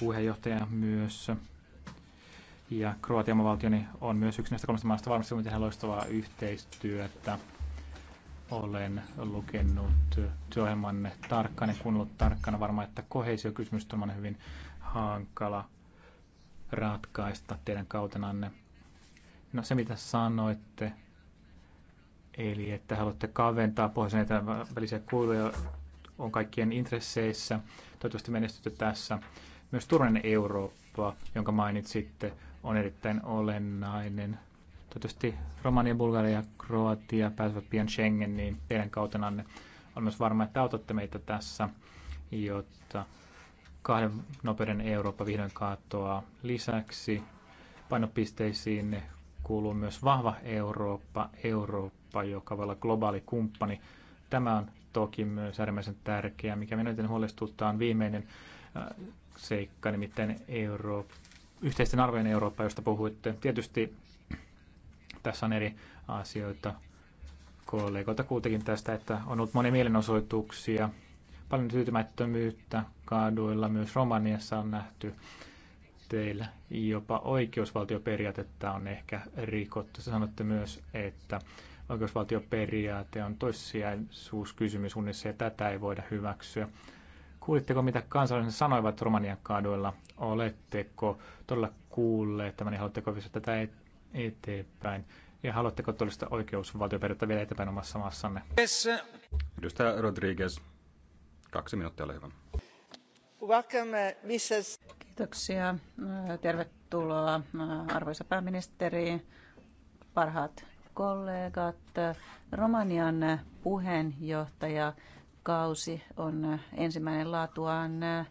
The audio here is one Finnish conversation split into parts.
puheenjohtaja myös. Ja Kroatia valtioni niin on myös yksi näistä kolmesta maasta varmasti tehdä loistavaa yhteistyötä. Olen lukenut työohjelmanne tarkkaan ja kuunnellut tarkkana varmaan, että kohesiokysymys on hyvin hankala ratkaista teidän kautenanne. No se, mitä sanoitte, eli että haluatte kaventaa pohjoisen välisiä kuiluja, on kaikkien intresseissä. Toivottavasti menestytte tässä. Myös turvallinen Eurooppa, jonka mainitsitte, on erittäin olennainen. Toivottavasti Romania, Bulgaria ja Kroatia pääsevät pian Schengeniin teidän kautenanne. On myös varma, että autatte meitä tässä, jotta kahden nopeuden Eurooppa vihdoin katoaa. Lisäksi painopisteisiin kuuluu myös vahva Eurooppa, Eurooppa, joka voi olla globaali kumppani. Tämä on toki myös äärimmäisen tärkeää. Mikä minua huolestuttaa on viimeinen äh, seikka, nimittäin Euro- yhteisten arvojen Eurooppa, josta puhuitte. Tietysti tässä on eri asioita kollegoilta kuitenkin tästä, että on ollut monia mielenosoituksia, paljon tyytymättömyyttä kaaduilla, myös Romaniassa on nähty teillä jopa oikeusvaltioperiaatetta on ehkä rikottu. Sä sanotte myös, että oikeusvaltioperiaate on toissijaisuuskysymys unissa ja tätä ei voida hyväksyä. Kuulitteko, mitä kansalaiset sanoivat Romanian kaaduilla? Oletteko todella kuulleet tämän ja haluatteko viedä tätä eteenpäin? Ja haluatteko todellista oikeusvaltioperiaatetta vielä eteenpäin omassa maassanne? Yes. Edustaja Rodriguez, kaksi minuuttia, ole hyvä. Welcome, Mrs. Kiitoksia. Tervetuloa, arvoisa pääministeri, parhaat kollegat. Romanian puheenjohtaja Kausi on äh, ensimmäinen laatuaan äh,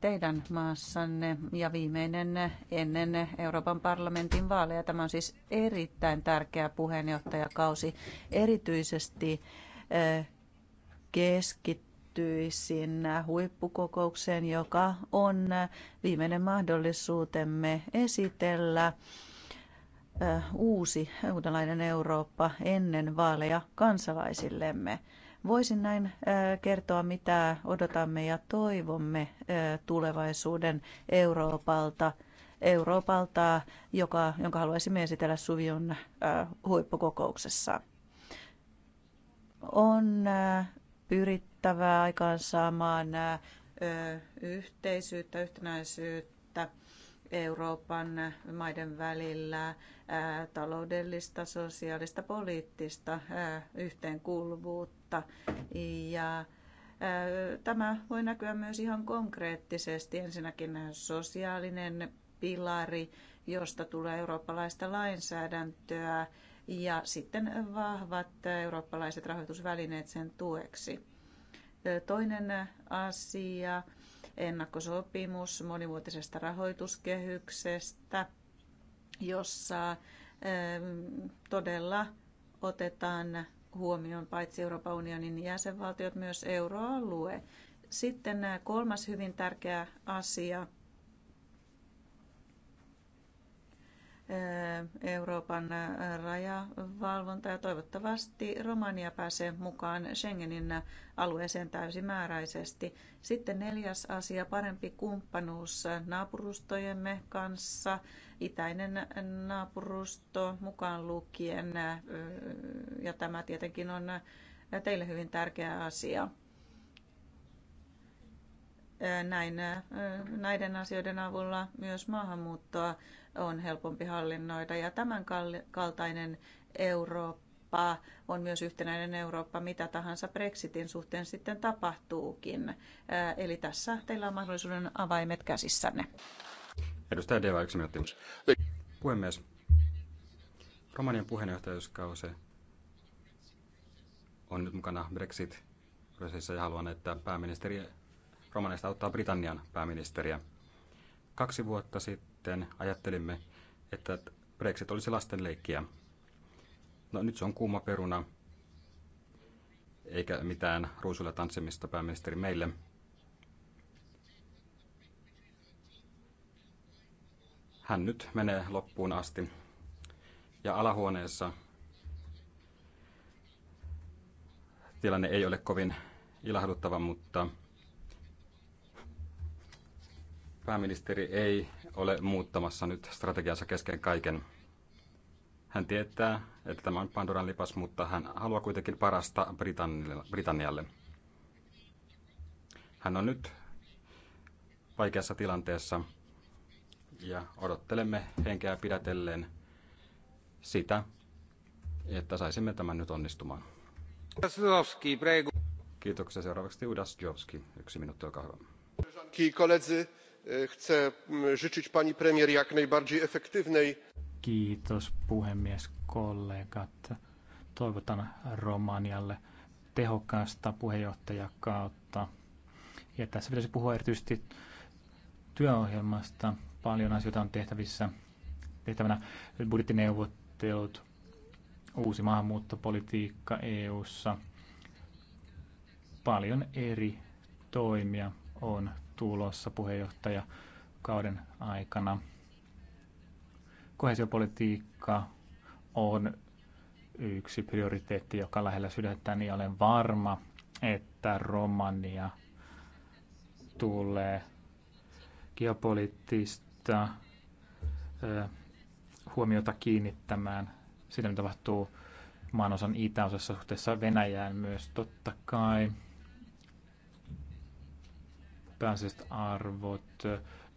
teidän maassanne ja viimeinen äh, ennen Euroopan parlamentin vaaleja. Tämä on siis erittäin tärkeä puheenjohtajakausi. Erityisesti keskittyisin huippukokoukseen, joka on viimeinen mahdollisuutemme esitellä uusi uudenlainen Eurooppa ennen vaaleja kansalaisillemme. Voisin näin äh, kertoa, mitä odotamme ja toivomme äh, tulevaisuuden Euroopalta. Euroopalta, joka, jonka haluaisimme esitellä Suvion äh, huippukokouksessa. On pyrittävä aikaansaamaan yhteisyyttä, yhtenäisyyttä Euroopan maiden välillä taloudellista, sosiaalista, poliittista yhteenkuuluvuutta. Ja tämä voi näkyä myös ihan konkreettisesti. Ensinnäkin sosiaalinen pilari, josta tulee eurooppalaista lainsäädäntöä ja sitten vahvat eurooppalaiset rahoitusvälineet sen tueksi. Toinen asia ennakkosopimus monivuotisesta rahoituskehyksestä, jossa ähm, todella otetaan huomioon paitsi Euroopan unionin jäsenvaltiot, myös euroalue. Sitten äh, kolmas hyvin tärkeä asia – Eh, Euroopan rajavalvonta ja toivottavasti Romania pääsee mukaan Schengenin alueeseen täysimääräisesti. Sitten neljäs asia, parempi kumppanuus naapurustojemme kanssa, itäinen naapurusto mukaan lukien eh, ja tämä tietenkin on teille hyvin tärkeä asia näin näiden asioiden avulla myös maahanmuuttoa on helpompi hallinnoida ja tämän kaltainen Eurooppa on myös yhtenäinen Eurooppa, mitä tahansa Brexitin suhteen sitten tapahtuukin. Eli tässä teillä on mahdollisuuden avaimet käsissänne. Edustaja Deva, yksi minuutti. Puhemies, Romanian puheenjohtajuuskausi on nyt mukana Brexit-prosessissa ja haluan, että pääministeri romaneista auttaa Britannian pääministeriä. Kaksi vuotta sitten ajattelimme, että Brexit olisi lasten leikkiä. No nyt se on kuuma peruna, eikä mitään ruusuilla tanssimista pääministeri meille. Hän nyt menee loppuun asti. Ja alahuoneessa tilanne ei ole kovin ilahduttava, mutta Pääministeri ei ole muuttamassa nyt strategiansa kesken kaiken. Hän tietää, että tämä on Pandoran lipas, mutta hän haluaa kuitenkin parasta Britannialle. Hän on nyt vaikeassa tilanteessa ja odottelemme henkeä pidätellen sitä, että saisimme tämän nyt onnistumaan. Kiitoksia. Seuraavaksi Udas Jovski. Yksi minuutti, olkaa hyvä. E, chcę życzyć pani premier jak najbardziej efektywnej. Kiitos puhemies, kollegat. Toivotan Romanialle tehokasta puheenjohtajakautta. Ja tässä pitäisi puhua erityisesti työohjelmasta. Paljon asioita on tehtävissä, tehtävänä budjettineuvottelut, uusi maahanmuuttopolitiikka EU:ssa. Paljon eri toimia on tulossa puheenjohtajakauden kauden aikana. Kohesiopolitiikka on yksi prioriteetti, joka lähellä sydäntä, niin olen varma, että Romania tulee geopoliittista huomiota kiinnittämään sitä, mitä tapahtuu maanosan itäosassa suhteessa Venäjään myös totta kai pääasialliset arvot,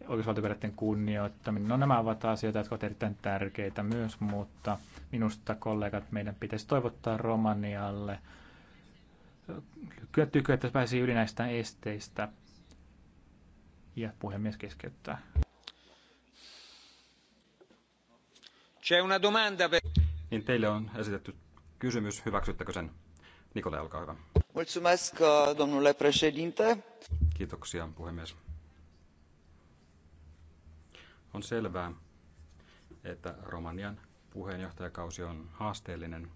oikeusvaltioperiaatteen kunnioittaminen. No nämä ovat asioita, jotka ovat erittäin tärkeitä myös, mutta minusta kollegat meidän pitäisi toivottaa Romanialle kyllä tykyä, että pääsi yli näistä esteistä. Ja puhemies keskeyttää. C'è una domanda per... Niin teille on esitetty kysymys, hyväksyttekö sen? Nikola, olkaa hyvä domnule președinte Kiitoksia, puhemies. On selvää, että Romanian puheenjohtajakausi on haasteellinen.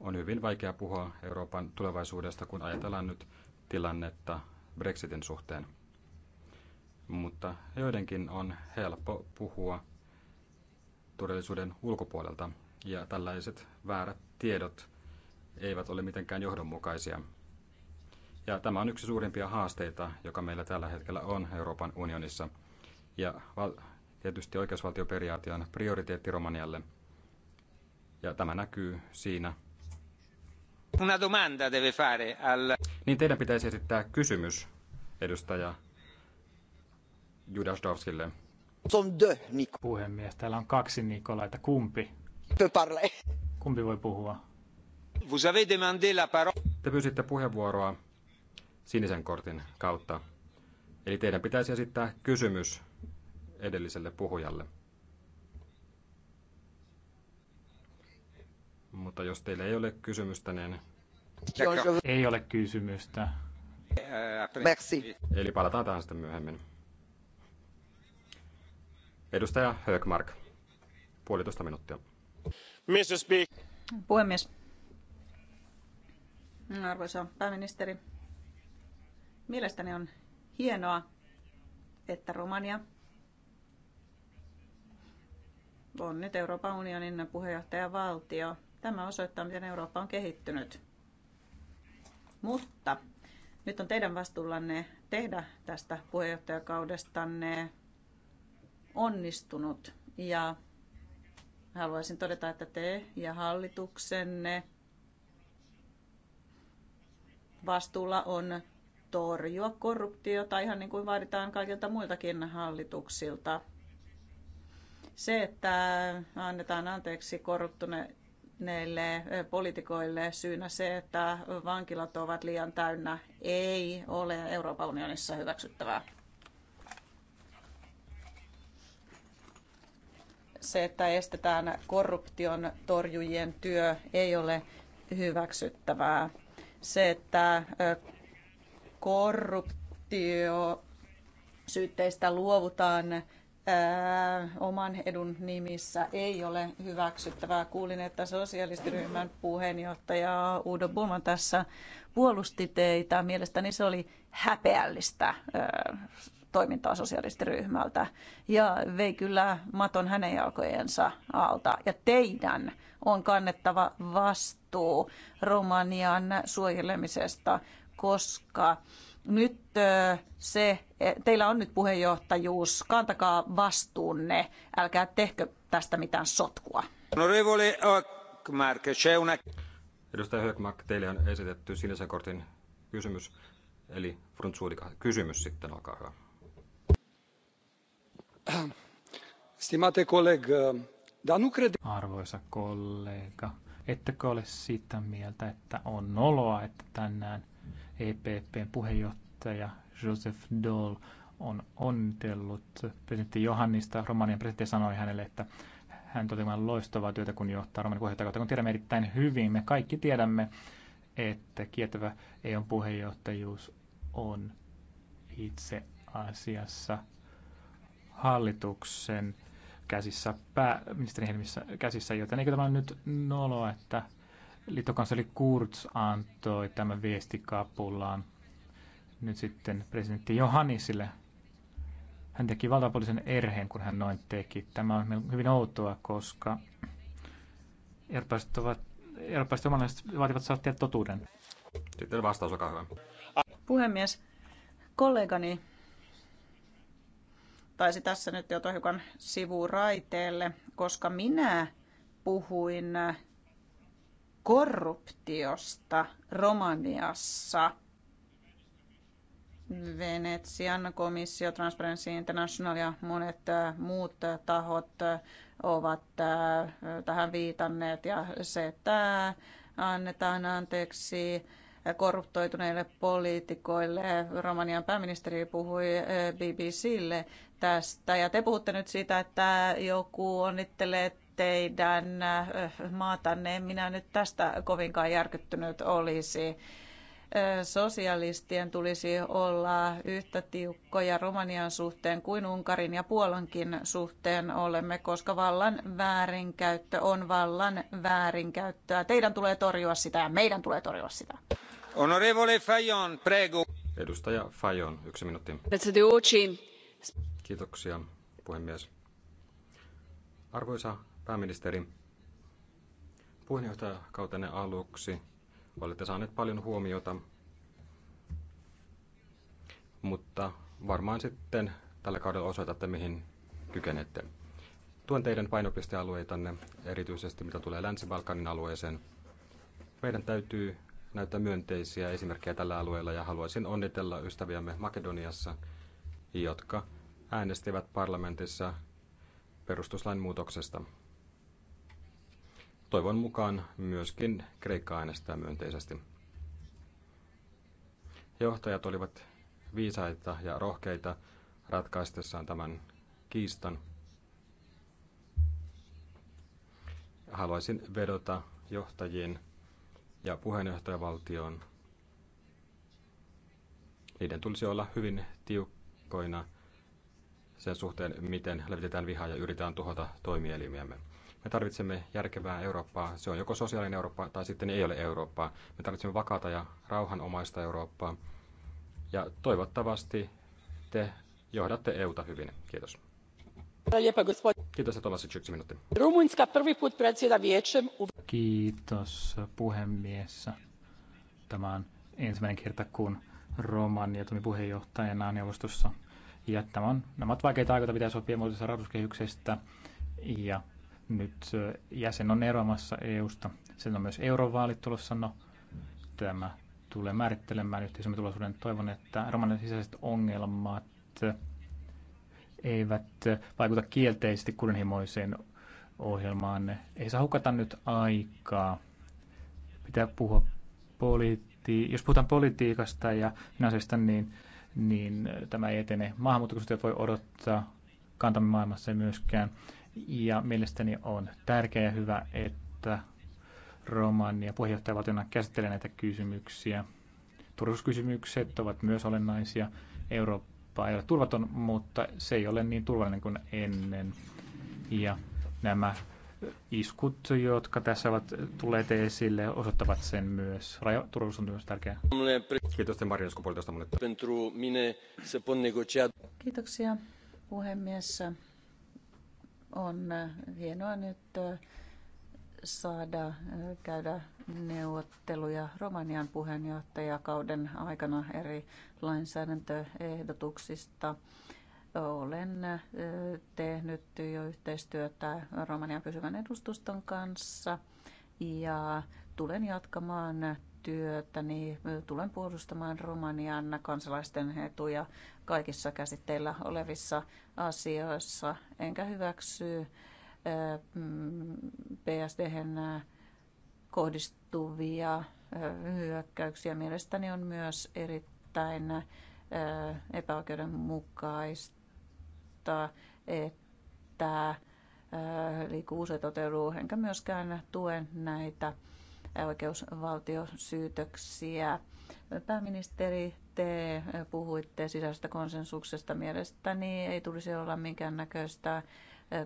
On hyvin vaikea puhua Euroopan tulevaisuudesta, kun ajatellaan nyt tilannetta Brexitin suhteen. Mutta joidenkin on helppo puhua todellisuuden ulkopuolelta ja tällaiset väärät tiedot eivät ole mitenkään johdonmukaisia. Ja tämä on yksi suurimpia haasteita, joka meillä tällä hetkellä on Euroopan unionissa. Ja tietysti oikeusvaltioperiaate on prioriteetti Romanialle. Ja tämä näkyy siinä. Una domanda deve fare al... Niin teidän pitäisi esittää kysymys edustaja Judasdowskille. Puhemies, täällä on kaksi Nikolaita. Kumpi? Kumpi voi puhua? Vous avez demandé la parole. Te pyysitte puheenvuoroa sinisen kortin kautta. Eli teidän pitäisi esittää kysymys edelliselle puhujalle. Mutta jos teillä ei ole kysymystä, niin... Ei ole kysymystä. Euh, Merci. Eli palataan tähän sitten myöhemmin. Edustaja Höökmark, puolitoista minuuttia. Puhemies. Arvoisa pääministeri, mielestäni on hienoa, että Romania on nyt Euroopan unionin puheenjohtajavaltio. Tämä osoittaa, miten Eurooppa on kehittynyt. Mutta nyt on teidän vastuullanne tehdä tästä puheenjohtajakaudestanne onnistunut ja haluaisin todeta, että te ja hallituksenne vastuulla on torjua korruptiota ihan niin kuin vaaditaan kaikilta muiltakin hallituksilta. Se, että annetaan anteeksi korruptuneille poliitikoille syynä se, että vankilat ovat liian täynnä, ei ole Euroopan unionissa hyväksyttävää. se, että estetään korruption torjujien työ, ei ole hyväksyttävää. Se, että korruptio syytteistä luovutaan oman edun nimissä ei ole hyväksyttävää. Kuulin, että sosialistiryhmän puheenjohtaja Udo Bulman tässä puolusti teitä. Mielestäni se oli häpeällistä toimintaa sosialistiryhmältä ja vei kyllä maton hänen jalkojensa alta. Ja teidän on kannettava vastuu Romanian suojelemisesta, koska nyt se, e, teillä on nyt puheenjohtajuus, kantakaa vastuunne, älkää tehkö tästä mitään sotkua. Onorevole Hökmark, c'è Edustaja Hökmark, teille on esitetty sinisen kortin kysymys, eli Frunzuulika kysymys sitten, olkaa hyvä. Stimate nu crede... Arvoisa kollega, ettekö ole sitä mieltä, että on noloa, että tänään EPPn puheenjohtaja Joseph Daul on onnitellut presidentti Johannista. Romanian presidentti sanoi hänelle, että hän toteutti loistavaa työtä, kun johtaa Romanian puheenjohtajakautta, kun tiedämme erittäin hyvin. Me kaikki tiedämme, että kietävä EUn puheenjohtajuus on itse asiassa hallituksen käsissä, pääministeri Helmissä käsissä, joten eikö tämä nyt nolo, että liittokansleri Kurz antoi tämän viestikapulaan nyt sitten presidentti Johannisille. Hän teki valtapuolisen erheen, kun hän noin teki. Tämä on hyvin outoa, koska eurooppalaiset, ovat, omalaiset vaativat saattia totuuden. Sitten vastaus, olkaa hyvä. Puhemies, kollegani ottaisi tässä nyt jo hiukan sivuraiteelle, koska minä puhuin korruptiosta Romaniassa. Venetsian komissio, Transparency International ja monet äh, muut tahot äh, ovat äh, tähän viitanneet ja se, että annetaan anteeksi korruptoituneille poliitikoille. Romanian pääministeri puhui eh, BBClle tästä. Ja te puhutte nyt siitä, että joku onnittelee teidän eh, maatanne. En minä nyt tästä kovinkaan järkyttynyt olisi eh, sosialistien tulisi olla yhtä tiukkoja Romanian suhteen kuin Unkarin ja Puolankin suhteen olemme, koska vallan väärinkäyttö on vallan väärinkäyttöä. Teidän tulee torjua sitä ja meidän tulee torjua sitä. Onorevole Fajon, prego. Edustaja Fajon, yksi minuutti. Kiitoksia, puhemies. Arvoisa pääministeri, puheenjohtajakautenne aluksi olette saaneet paljon huomiota, mutta varmaan sitten tällä kaudella osoitatte, mihin kykenette. Tuen teidän painopistealueitanne, erityisesti mitä tulee Länsi-Balkanin alueeseen. Meidän täytyy näyttää myönteisiä esimerkkejä tällä alueella ja haluaisin onnitella ystäviämme Makedoniassa, jotka äänestivät parlamentissa perustuslain muutoksesta. Toivon mukaan myöskin Kreikka äänestää myönteisesti. Johtajat olivat viisaita ja rohkeita ratkaistessaan tämän kiistan. Haluaisin vedota johtajiin ja puheenjohtajavaltioon. Niiden tulisi olla hyvin tiukkoina sen suhteen, miten levitetään vihaa ja yritetään tuhota toimielimiämme. Me tarvitsemme järkevää Eurooppaa. Se on joko sosiaalinen Eurooppa tai sitten ei ole Eurooppaa. Me tarvitsemme vakaata ja rauhanomaista Eurooppaa. Ja toivottavasti te johdatte EUta hyvin. Kiitos. Kiitos, että Tomas, yksi minuutti. Rumunska prvi put predsjeda viečem. Kiitos, puhemies. Tämä on ensimmäinen kerta, kun Roman ja tomi puheenjohtajana neuvostossa. Ja tämä on, nämä ovat vaikeita aikoita, pitää sopia muodollisesta rahoituskehyksestä. Ja nyt äh, jäsen on eroamassa EUsta. Sen on myös eurovaalit tulossa. No, tämä tulee määrittelemään yhteisömme tulosuuden. Toivon, että Romanin sisäiset ongelmat eivät vaikuta kielteisesti kunnianhimoiseen ohjelmaan. Ei saa hukata nyt aikaa. Pitää puhua politi- jos puhutaan politiikasta ja finanssista, niin, niin tämä ei etene. Maahanmuuttokysymyksiä voi odottaa kantamme maailmassa ei myöskään. Ja mielestäni on tärkeää ja hyvä, että Romania puheenjohtajavaltiona käsittelee näitä kysymyksiä. Turvallisuuskysymykset ovat myös olennaisia. Euro- Eurooppa ei ole turvaton, mutta se ei ole niin turvallinen kuin ennen. Ja nämä iskut, jotka tässä ovat tulleet esille, osoittavat sen myös. Rajaturvallisuus on myös tärkeää. Kiitos, te Marja Esko, puolitoista minuuttia. Kiitoksia, puhemies. On hienoa nyt saada äh, käydä neuvotteluja Romanian puheenjohtajakauden aikana eri lainsäädäntöehdotuksista. Olen äh, tehnyt jo yhteistyötä Romanian pysyvän edustuston kanssa ja tulen jatkamaan työtä, niin tulen puolustamaan Romanian kansalaisten etuja kaikissa käsitteillä olevissa asioissa, enkä hyväksy psd äh, kohdistuvia äh, hyökkäyksiä mielestäni on myös erittäin äh, epäoikeudenmukaista, että liikkuvuus ei toteudu, enkä myöskään tue näitä oikeusvaltiosyytöksiä. Pääministeri, te puhuitte sisäisestä konsensuksesta. Mielestäni ei tulisi olla minkäännäköistä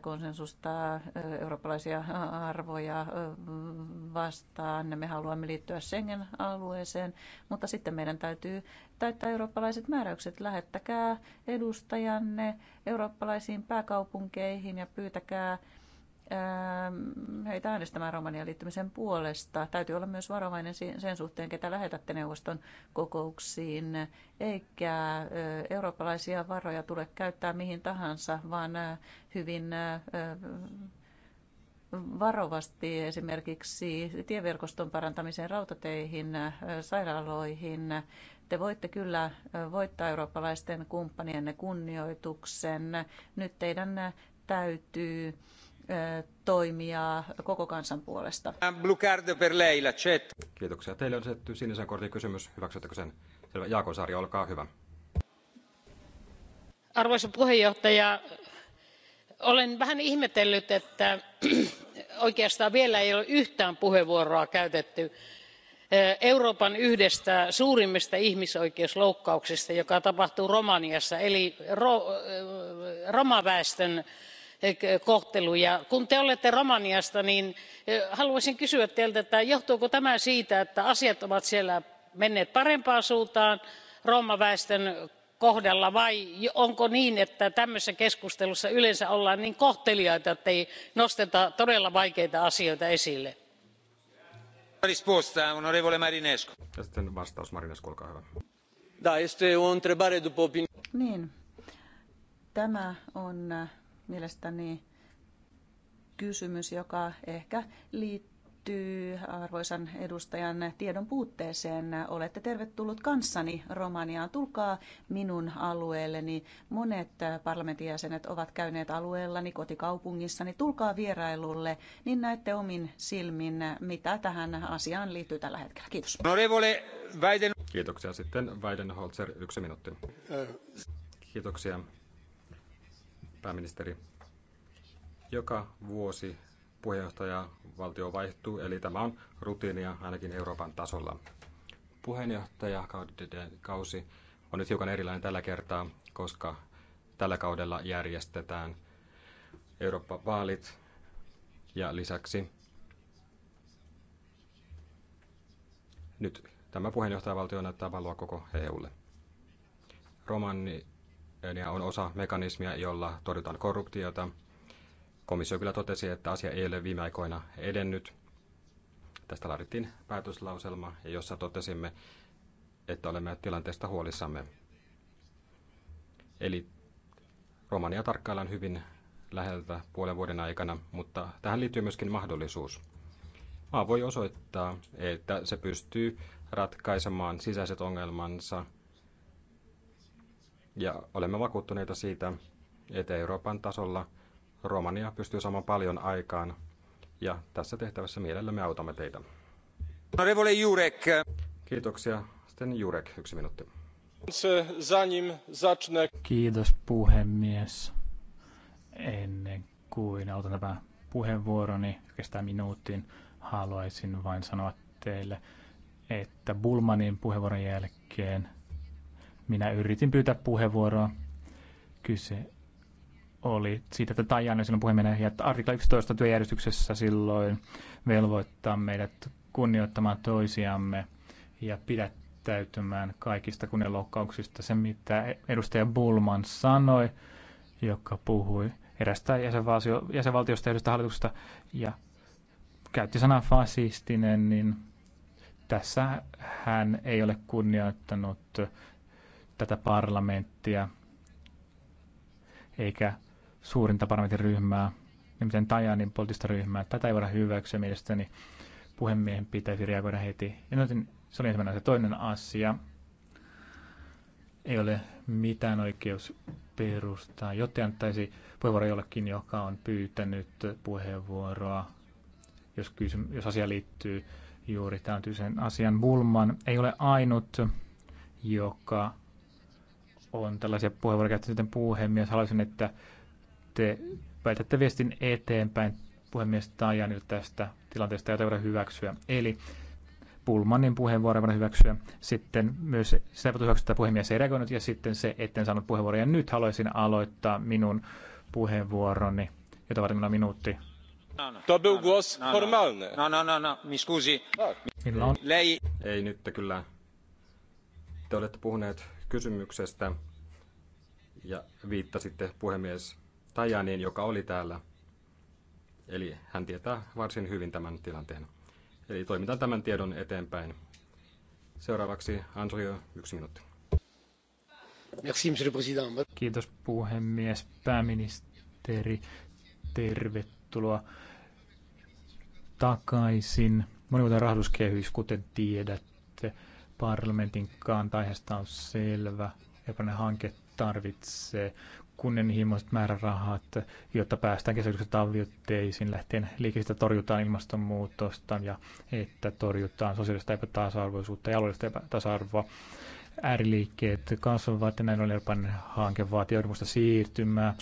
konsensusta eurooppalaisia arvoja vastaan. Me haluamme liittyä Schengen-alueeseen, mutta sitten meidän täytyy täyttää eurooppalaiset määräykset. Lähettäkää edustajanne eurooppalaisiin pääkaupunkeihin ja pyytäkää Ähm, heitä äänestämään Romanian liittymisen puolesta. Täytyy olla myös varovainen sen suhteen, ketä lähetätte neuvoston kokouksiin, eikä eurooppalaisia varoja tule käyttää mihin tahansa, vaan hyvin varovasti esimerkiksi tieverkoston parantamiseen, rautateihin, sairaaloihin. Te voitte kyllä voittaa eurooppalaisten kumppanienne kunnioituksen. Nyt teidän täytyy toimia koko kansan puolesta. Kiitoksia. Teille on esitetty sinisen kortin kysymys. Hyväksyttekö sen? Selvä. Jaakon Saari, olkaa hyvä. Arvoisa puheenjohtaja, olen vähän ihmetellyt, että oikeastaan vielä ei ole yhtään puheenvuoroa käytetty euroopan yhdestä suurimmista ihmisoikeusloukkauksista joka tapahtuu romaniassa eli romaväestön kohtelu. kun te olette romaniasta niin haluaisin kysyä teiltä johtuuko tämä siitä että asiat ovat siellä menneet parempaan suuntaan romaväestön kohdalla vai onko niin että tämmöisessä keskustelussa yleensä ollaan niin kohteliaita ettei nosteta todella vaikeita asioita esille? vastaus niin. Tämä on mielestäni kysymys, joka ehkä liittyy arvoisan edustajan tiedon puutteeseen. Olette tervetullut kanssani Romaniaan. Tulkaa minun alueelleni. Monet parlamentin jäsenet ovat käyneet alueellani, kotikaupungissani. Tulkaa vierailulle, niin näette omin silmin, mitä tähän asiaan liittyy tällä hetkellä. Kiitos. Kiitoksia sitten. Weidenholzer, yksi minuutti. Kiitoksia pääministeri. Joka vuosi puheenjohtaja valtio vaihtuu, eli tämä on rutiinia ainakin Euroopan tasolla. Puheenjohtajakausi on nyt hiukan erilainen tällä kertaa, koska tällä kaudella järjestetään Euroopan vaalit ja lisäksi nyt tämä puheenjohtajavaltio näyttää valoa koko EUlle. Romani ja on osa mekanismia, jolla torjutaan korruptiota. Komissio kyllä totesi, että asia ei ole viime aikoina edennyt. Tästä laadittiin päätöslauselma, jossa totesimme, että olemme tilanteesta huolissamme. Eli Romania tarkkaillaan hyvin läheltä puolen vuoden aikana, mutta tähän liittyy myöskin mahdollisuus. Maa voi osoittaa, että se pystyy ratkaisemaan sisäiset ongelmansa ja olemme vakuuttuneita siitä, että Euroopan tasolla Romania pystyy saamaan paljon aikaan. Ja tässä tehtävässä mielellämme autamme teitä. Honorevole Jurek. Kiitoksia. Sitten Jurek, yksi minuutti. Kiitos puhemies. Ennen kuin autan tämä puheenvuoroni, kestää minuutin, haluaisin vain sanoa teille, että Bulmanin puheenvuoron jälkeen minä yritin pyytää puheenvuoroa. Kyse oli siitä, että Tajani silloin puhemiehenä ja artikla 11 työjärjestyksessä silloin velvoittaa meidät kunnioittamaan toisiamme ja pidättäytymään kaikista kunnianloukkauksista. Se, mitä edustaja Bulman sanoi, joka puhui erästä jäsenvaltio, jäsenvaltiosta ja hallituksesta ja käytti sanaa fasistinen, niin tässä hän ei ole kunnioittanut tätä parlamenttia eikä suurinta parlamentin ryhmää, nimittäin Tajanin poliittista ryhmää. Tätä ei voida hyväksyä mielestäni. Puhemiehen pitäisi reagoida heti. Ja noin, se oli ensimmäinen asia. Toinen asia. Ei ole mitään oikeus perustaa, jotta antaisi puheenvuoro jollekin, joka on pyytänyt puheenvuoroa, jos, kysy, jos asia liittyy juuri tämän asian. Bulman ei ole ainut, joka on tällaisia puheenvuoroja käyttänyt, joten puhemies, haluaisin, että te väitätte viestin eteenpäin puhemies Tajanil tästä tilanteesta, jota voidaan hyväksyä. Eli Pulmanin puheenvuoro voidaan hyväksyä. Sitten myös sitä voidaan hyväksyä, että puhemies ei reagoinut, ja sitten se, etten saanut puheenvuoroja. Nyt haluaisin aloittaa minun puheenvuoroni, jota varten minulla on minuutti. To był głos formalny. No, no, no, no, mi scusi. Lei... Ei nyt kyllä. Te olette puhuneet kysymyksestä ja viittasitte puhemies Tajaniin, joka oli täällä. Eli hän tietää varsin hyvin tämän tilanteen. Eli toimitaan tämän tiedon eteenpäin. Seuraavaksi Antonio, yksi minuutti. Merci, monsieur le président. Kiitos puhemies, pääministeri. Tervetuloa takaisin. Monivuotinen rahoituskehys, kuten tiedätte, Parlamentin kanta on selvä. Jokainen hanke tarvitsee kunnianhimoiset määrärahat, jotta päästään kesäkuussa tavoitteisiin lähtien liikkeestä torjutaan ilmastonmuutosta ja että torjutaan sosiaalista epätasa-arvoisuutta ja alueellista epätasa-arvoa. Ääriliikkeet kasvavat ja näin ollen Euroopan hanke vaatii johdonmusta siirtymää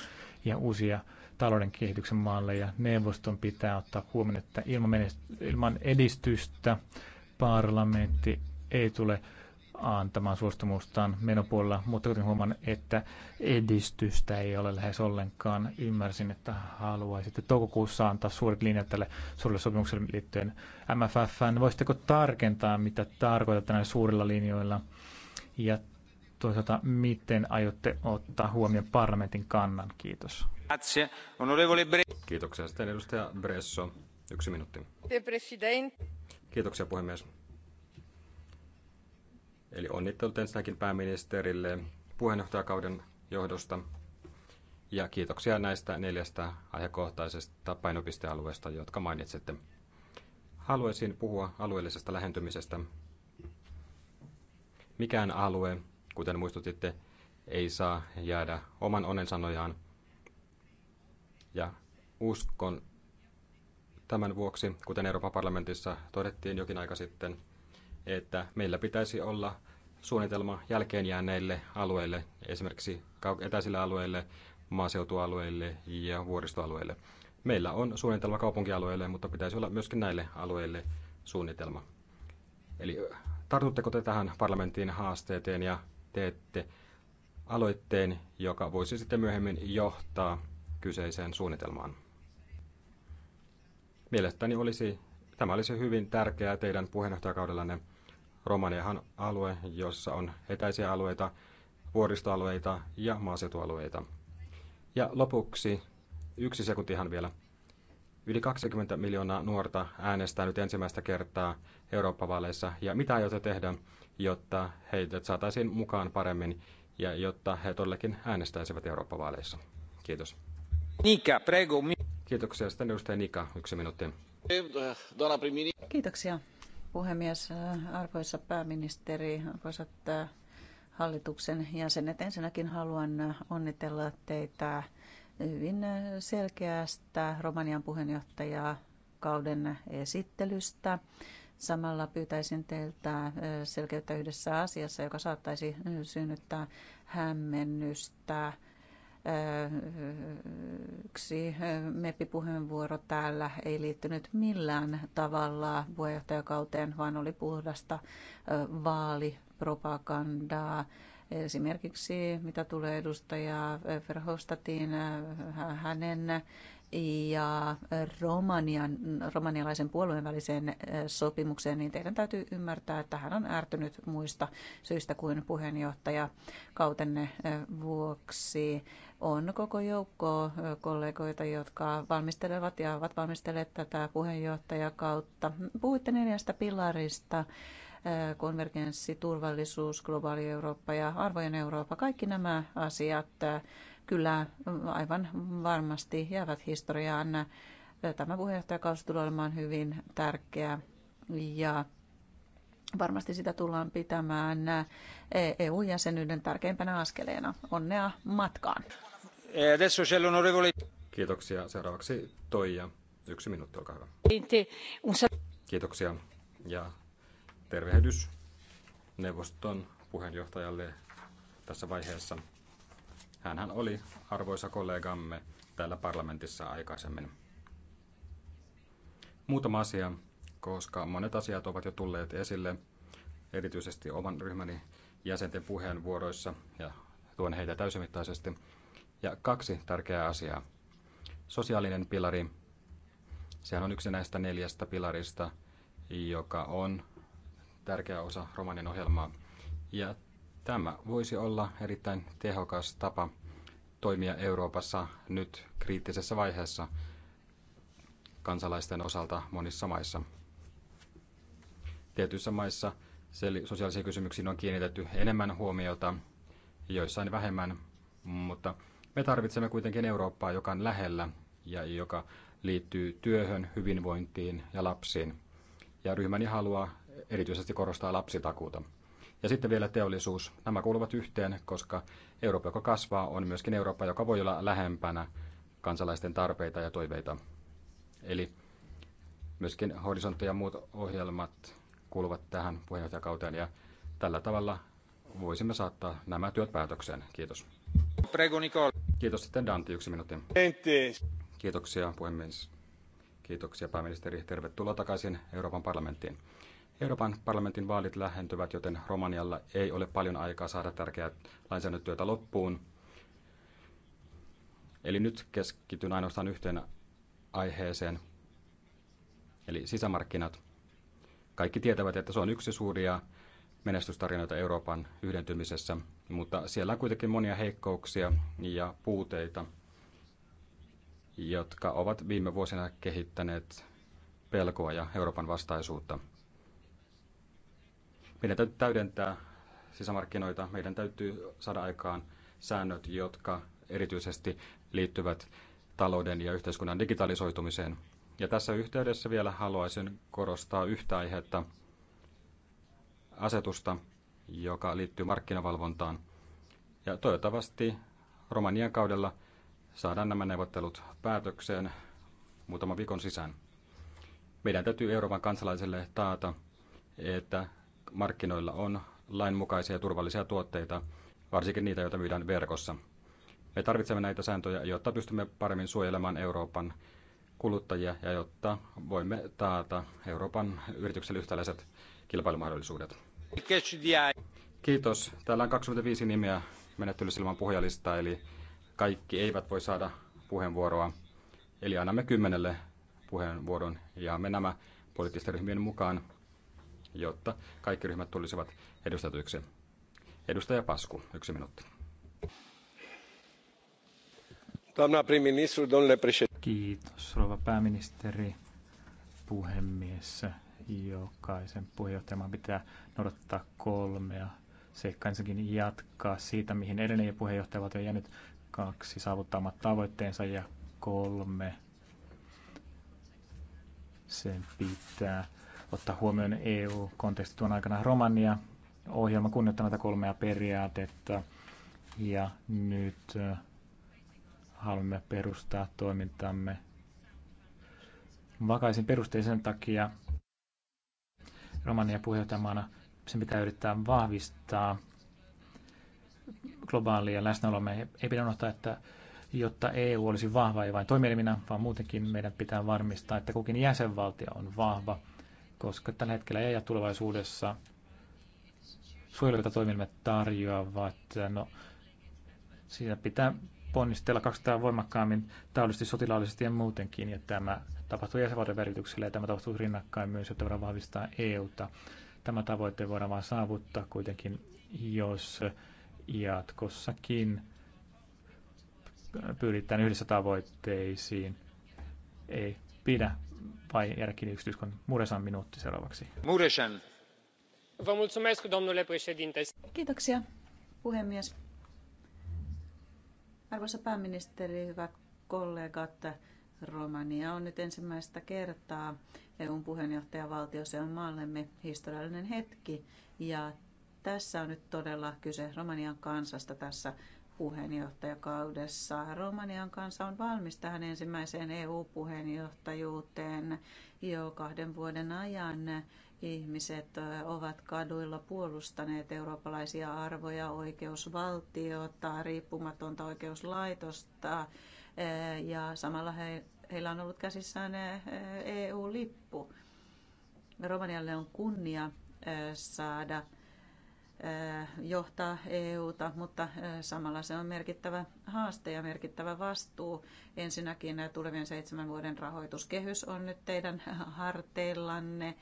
ja uusia talouden kehityksen malleja. Neuvoston pitää ottaa huomioon, että ilman, menest- ilman edistystä parlamentti ei tule antamaan suostumustaan menopuolella, mutta kuitenkin huomaan, että edistystä ei ole lähes ollenkaan. Ymmärsin, että haluaisitte toukokuussa antaa suuret linjat tälle suurelle sopimukselle liittyen MFFään. Voisitteko tarkentaa, mitä tarkoitatte näillä suurilla linjoilla ja toisaalta miten aiotte ottaa huomioon parlamentin kannan? Kiitos. Kiitoksia. Sitten edustaja Bresso. Yksi minuutti. Kiitoksia puhemies. Eli onnittelut ensinnäkin pääministerille puheenjohtajakauden johdosta ja kiitoksia näistä neljästä aihekohtaisesta painopistealueesta, jotka mainitsitte. Haluaisin puhua alueellisesta lähentymisestä. Mikään alue, kuten muistutitte, ei saa jäädä oman onnen sanojaan. Ja uskon tämän vuoksi, kuten Euroopan parlamentissa todettiin jokin aika sitten, että meillä pitäisi olla suunnitelma jälkeen jääneille alueille, esimerkiksi etäisille alueille, maaseutualueille ja vuoristoalueille. Meillä on suunnitelma kaupunkialueille, mutta pitäisi olla myöskin näille alueille suunnitelma. Eli tartutteko te tähän parlamentin haasteeseen ja teette aloitteen, joka voisi sitten myöhemmin johtaa kyseiseen suunnitelmaan? Mielestäni olisi, tämä olisi hyvin tärkeää teidän puheenjohtajakaudellanne Romaniahan alue, jossa on etäisiä alueita, vuoristoalueita ja maaseutualueita. Ja lopuksi yksi sekuntihan vielä. Yli 20 miljoonaa nuorta äänestää nyt ensimmäistä kertaa Eurooppa-vaaleissa. Ja mitä aiotte tehdä, jotta heidät saataisiin mukaan paremmin ja jotta he todellakin äänestäisivät Eurooppa-vaaleissa? Kiitos. Nika, prego. Kiitoksia. Sitten edustaja Nika, yksi minuutti. Kiitoksia puhemies, arvoisa pääministeri, arvoisat äh, hallituksen jäsenet. Ensinnäkin haluan äh, onnitella teitä hyvin äh, selkeästä Romanian puheenjohtajaa kauden esittelystä. Samalla pyytäisin teiltä selkeyttä yhdessä asiassa, joka saattaisi synnyttää hämmennystä yksi meppipuheenvuoro täällä ei liittynyt millään tavalla puheenjohtajakauteen, vaan oli puhdasta vaalipropagandaa. Esimerkiksi mitä tulee edustaja Verhostatiin, hänen ja Romanian, romanialaisen puolueen väliseen eh, sopimukseen, niin teidän täytyy ymmärtää, että hän on ärtynyt muista syistä kuin puheenjohtaja kautenne eh, vuoksi. On koko joukko eh, kollegoita, jotka valmistelevat ja ovat valmistelleet tätä kautta. Puhuitte neljästä pilarista konvergenssi, turvallisuus, globaali Eurooppa ja arvojen Eurooppa, kaikki nämä asiat kyllä aivan varmasti jäävät historiaan. Tämä puheenjohtajakausi tulee olemaan hyvin tärkeä ja varmasti sitä tullaan pitämään EU-jäsenyyden tärkeimpänä askeleena. Onnea matkaan! Kiitoksia. Seuraavaksi Toija. Yksi minuutti, olkaa hyvä. Kiitoksia ja tervehdys neuvoston puheenjohtajalle tässä vaiheessa. Hänhän oli arvoisa kollegamme täällä parlamentissa aikaisemmin. Muutama asia, koska monet asiat ovat jo tulleet esille, erityisesti oman ryhmäni jäsenten puheenvuoroissa ja tuen heitä täysimittaisesti. Ja kaksi tärkeää asiaa. Sosiaalinen pilari, sehän on yksi näistä neljästä pilarista, joka on tärkeä osa romanin ohjelmaa. Ja Tämä voisi olla erittäin tehokas tapa toimia Euroopassa nyt kriittisessä vaiheessa kansalaisten osalta monissa maissa. Tietyissä maissa sosiaalisiin kysymyksiin on kiinnitetty enemmän huomiota, joissain vähemmän, mutta me tarvitsemme kuitenkin Eurooppaa, joka on lähellä ja joka liittyy työhön, hyvinvointiin ja lapsiin. Ja ryhmäni haluaa erityisesti korostaa lapsitakuuta. Ja sitten vielä teollisuus. Nämä kuuluvat yhteen, koska Eurooppa, joka kasvaa, on myöskin Eurooppa, joka voi olla lähempänä kansalaisten tarpeita ja toiveita. Eli myöskin horisontti ja muut ohjelmat kuuluvat tähän puheenjohtajakauteen ja tällä tavalla voisimme saattaa nämä työt päätökseen. Kiitos. Prego, Nicole. Kiitos sitten Danti, yksi minuutti. Entis. Kiitoksia puhemies. Kiitoksia pääministeri. Tervetuloa takaisin Euroopan parlamenttiin. Euroopan parlamentin vaalit lähentyvät, joten Romanialla ei ole paljon aikaa saada tärkeää lainsäädäntötyötä loppuun. Eli nyt keskityn ainoastaan yhteen aiheeseen, eli sisämarkkinat. Kaikki tietävät, että se on yksi suuria menestystarinoita Euroopan yhdentymisessä, mutta siellä on kuitenkin monia heikkouksia ja puuteita, jotka ovat viime vuosina kehittäneet pelkoa ja Euroopan vastaisuutta. Meidän täytyy täydentää sisämarkkinoita, meidän täytyy saada aikaan säännöt, jotka erityisesti liittyvät talouden ja yhteiskunnan digitalisoitumiseen. Ja tässä yhteydessä vielä haluaisin korostaa yhtä aihetta asetusta, joka liittyy markkinavalvontaan. Ja toivottavasti Romanian kaudella saadaan nämä neuvottelut päätökseen muutaman viikon sisään. Meidän täytyy Euroopan kansalaisille taata, että markkinoilla on lainmukaisia ja turvallisia tuotteita, varsinkin niitä, joita myydään verkossa. Me tarvitsemme näitä sääntöjä, jotta pystymme paremmin suojelemaan Euroopan kuluttajia ja jotta voimme taata Euroopan yrityksille yhtäläiset kilpailumahdollisuudet. Kiitos. Täällä on 25 nimeä menettelyssä ilman puhujalistaa, eli kaikki eivät voi saada puheenvuoroa. Eli annamme kymmenelle puheenvuoron ja me nämä poliittisten ryhmien mukaan jotta kaikki ryhmät tulisivat edustetuiksi. Edustaja Pasku, yksi minuutti. Kiitos, rouva pääministeri, puhemies. Jokaisen puheenjohtajan pitää noudattaa kolmea seikkaa. Ensinnäkin jatkaa siitä, mihin edellinen puheenjohtaja on jäänyt kaksi saavuttamat tavoitteensa ja kolme sen pitää ottaa huomioon EU-konteksti tuon aikana. Romania ohjelma kunnioittaa näitä kolmea periaatetta ja nyt haluamme perustaa toimintamme vakaisin perusteisen takia Romania puheenjohtajamaana sen pitää yrittää vahvistaa globaalia läsnäolomme. Ei pidä unohtaa, että jotta EU olisi vahva ei vain toimielimina, vaan muutenkin meidän pitää varmistaa, että kukin jäsenvaltio on vahva – koska tällä hetkellä ei ja tulevaisuudessa suojeluita toimimme tarjoavat. No, siinä pitää ponnistella 200 voimakkaammin taudellisesti, sotilaallisesti ja muutenkin. Ja tämä tapahtuu jäsenvaltion välityksellä ja tämä tapahtuu rinnakkain myös, jotta voidaan vahvistaa EUta. Tämä tavoite voidaan vain saavuttaa kuitenkin, jos jatkossakin pyritään yhdessä tavoitteisiin. Ei pidä vai jäädäkin yksityiskohtaan. Muresan minuutti seuraavaksi. Muresan. Vă mulțumesc, domnule președinte. Kiitoksia, puhemies. Arvoisa pääministeri, hyvät kollegat, Romania on nyt ensimmäistä kertaa EUn puheenjohtajavaltio. Se on maallemme historiallinen hetki ja tässä on nyt todella kyse Romanian kansasta tässä puheenjohtajakaudessa. Romanian kanssa on valmis tähän ensimmäiseen EU-puheenjohtajuuteen jo kahden vuoden ajan. Ihmiset ovat kaduilla puolustaneet eurooppalaisia arvoja, oikeusvaltiota, riippumatonta oikeuslaitosta ja samalla he, heillä on ollut käsissään EU-lippu. Romanialle on kunnia saada Eh, johtaa EUta, mutta eh, samalla se on merkittävä haaste ja merkittävä vastuu. Ensinnäkin eh, tulevien seitsemän vuoden rahoituskehys on nyt teidän harteillanne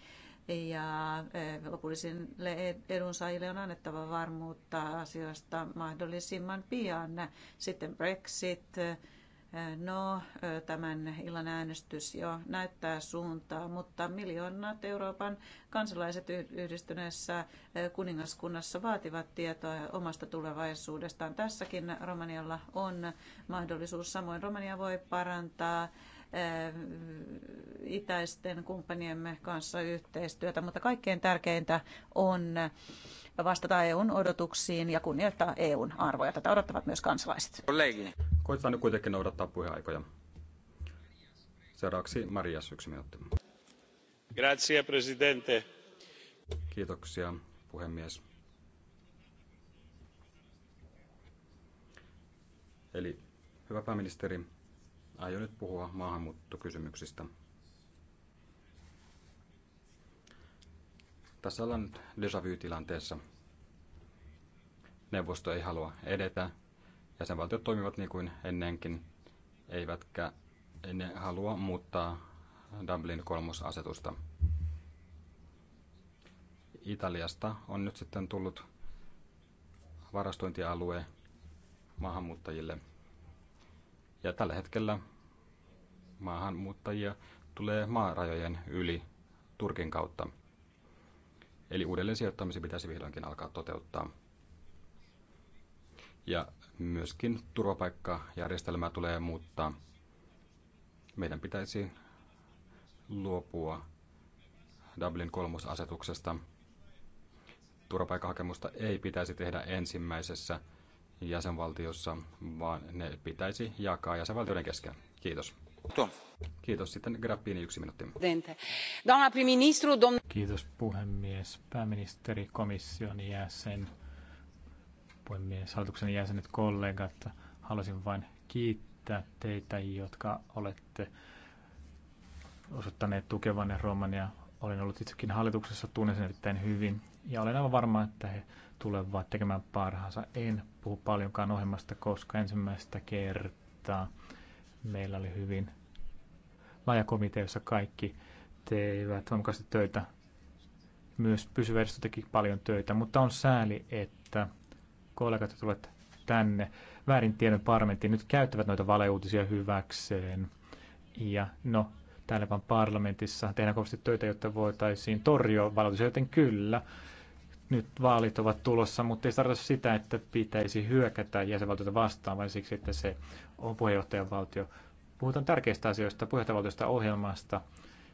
ja lopullisille edunsaajille on annettava varmuutta asioista mahdollisimman pian. Sitten Brexit, No, tämän illan äänestys jo näyttää suuntaa, mutta miljoonat Euroopan kansalaiset yhdistyneessä kuningaskunnassa vaativat tietoa omasta tulevaisuudestaan. Tässäkin Romanialla on mahdollisuus. Samoin Romania voi parantaa Eh, itäisten kumppaniemme kanssa yhteistyötä, mutta kaikkein tärkeintä on vastata EUn odotuksiin ja kunnioittaa EUn arvoja. Tätä odottavat myös kansalaiset. Koitetaan nyt kuitenkin noudattaa puheaikoja. Seuraavaksi Marias, yksi minuutti. Grazie, presidente. Kiitoksia, puhemies. Eli hyvä pääministeri, aion nyt puhua maahanmuuttokysymyksistä. Tässä ollaan nyt déjà vu-tilanteessa. Neuvosto ei halua edetä. Jäsenvaltiot toimivat niin kuin ennenkin, eivätkä ne halua muuttaa Dublin kolmosasetusta. Italiasta on nyt sitten tullut varastointialue maahanmuuttajille. Ja tällä hetkellä maahanmuuttajia tulee maarajojen yli Turkin kautta. Eli uudelleen sijoittamisen pitäisi vihdoinkin alkaa toteuttaa. Ja myöskin turvapaikkajärjestelmää tulee muuttaa. Meidän pitäisi luopua Dublin kolmosasetuksesta. Turvapaikkahakemusta ei pitäisi tehdä ensimmäisessä jäsenvaltiossa, vaan ne pitäisi jakaa jäsenvaltioiden kesken. Kiitos. Kiitos. Sitten Grappini yksi minuutti. Kiitos puhemies, pääministeri, komission jäsen, puhemies, hallituksen jäsenet, kollegat. Haluaisin vain kiittää teitä, jotka olette osoittaneet tukevanne Romania. Olen ollut itsekin hallituksessa, tunnen sen erittäin hyvin ja olen aivan varma, että he tulevat tekemään parhaansa. En puhu paljonkaan ohjelmasta, koska ensimmäistä kertaa – Meillä oli hyvin laaja komitea, jossa kaikki teivät voimakkaasti töitä. Myös pysyveristö teki paljon töitä, mutta on sääli, että kollegat, tulevat tänne väärin tiedon parlamenttiin, nyt käyttävät noita valeuutisia hyväkseen. Ja no, täällä vaan parlamentissa tehdään kovasti töitä, jotta voitaisiin torjua valeuutisia, joten kyllä, nyt vaalit ovat tulossa, mutta ei tarkoita sitä, että pitäisi hyökätä jäsenvaltiota vastaan, vaan siksi, että se on puheenjohtajavaltio. Puhutaan tärkeistä asioista, puheenjohtajavaltiosta ohjelmasta.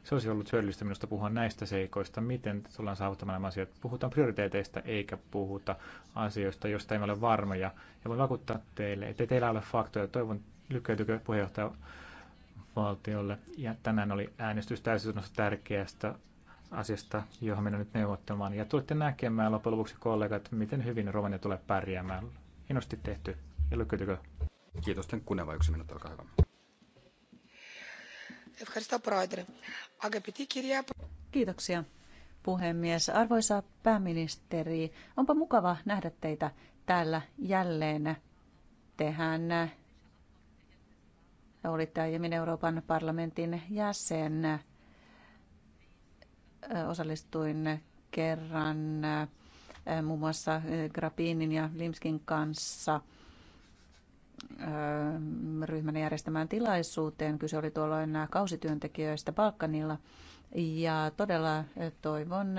Se olisi ollut hyödyllistä minusta puhua näistä seikoista, miten tullaan saavuttamaan nämä asiat. Puhutaan prioriteeteista eikä puhuta asioista, joista emme ole varmoja. Ja voin vakuuttaa teille, että teillä ole faktoja. Toivon lykkäytykö puheenjohtajavaltiolle. Ja tänään oli äänestys täysin tärkeästä asiasta, johon mennään nyt neuvottamaan. Ja tulette näkemään loppujen lopuksi kollegat, miten hyvin Rovania tulee pärjäämään. Hienosti tehty. Ja lykkytykö? Kiitos, tämän kuneva yksi minuutti, olkaa hyvä. Kiitoksia, puhemies. Arvoisa pääministeri, onpa mukava nähdä teitä täällä jälleen. Tehän olitte aiemmin Euroopan parlamentin jäsen osallistuin kerran muun muassa Grapinin ja Limskin kanssa ryhmän järjestämään tilaisuuteen. Kyse oli tuolloin kausityöntekijöistä Balkanilla. Ja todella toivon,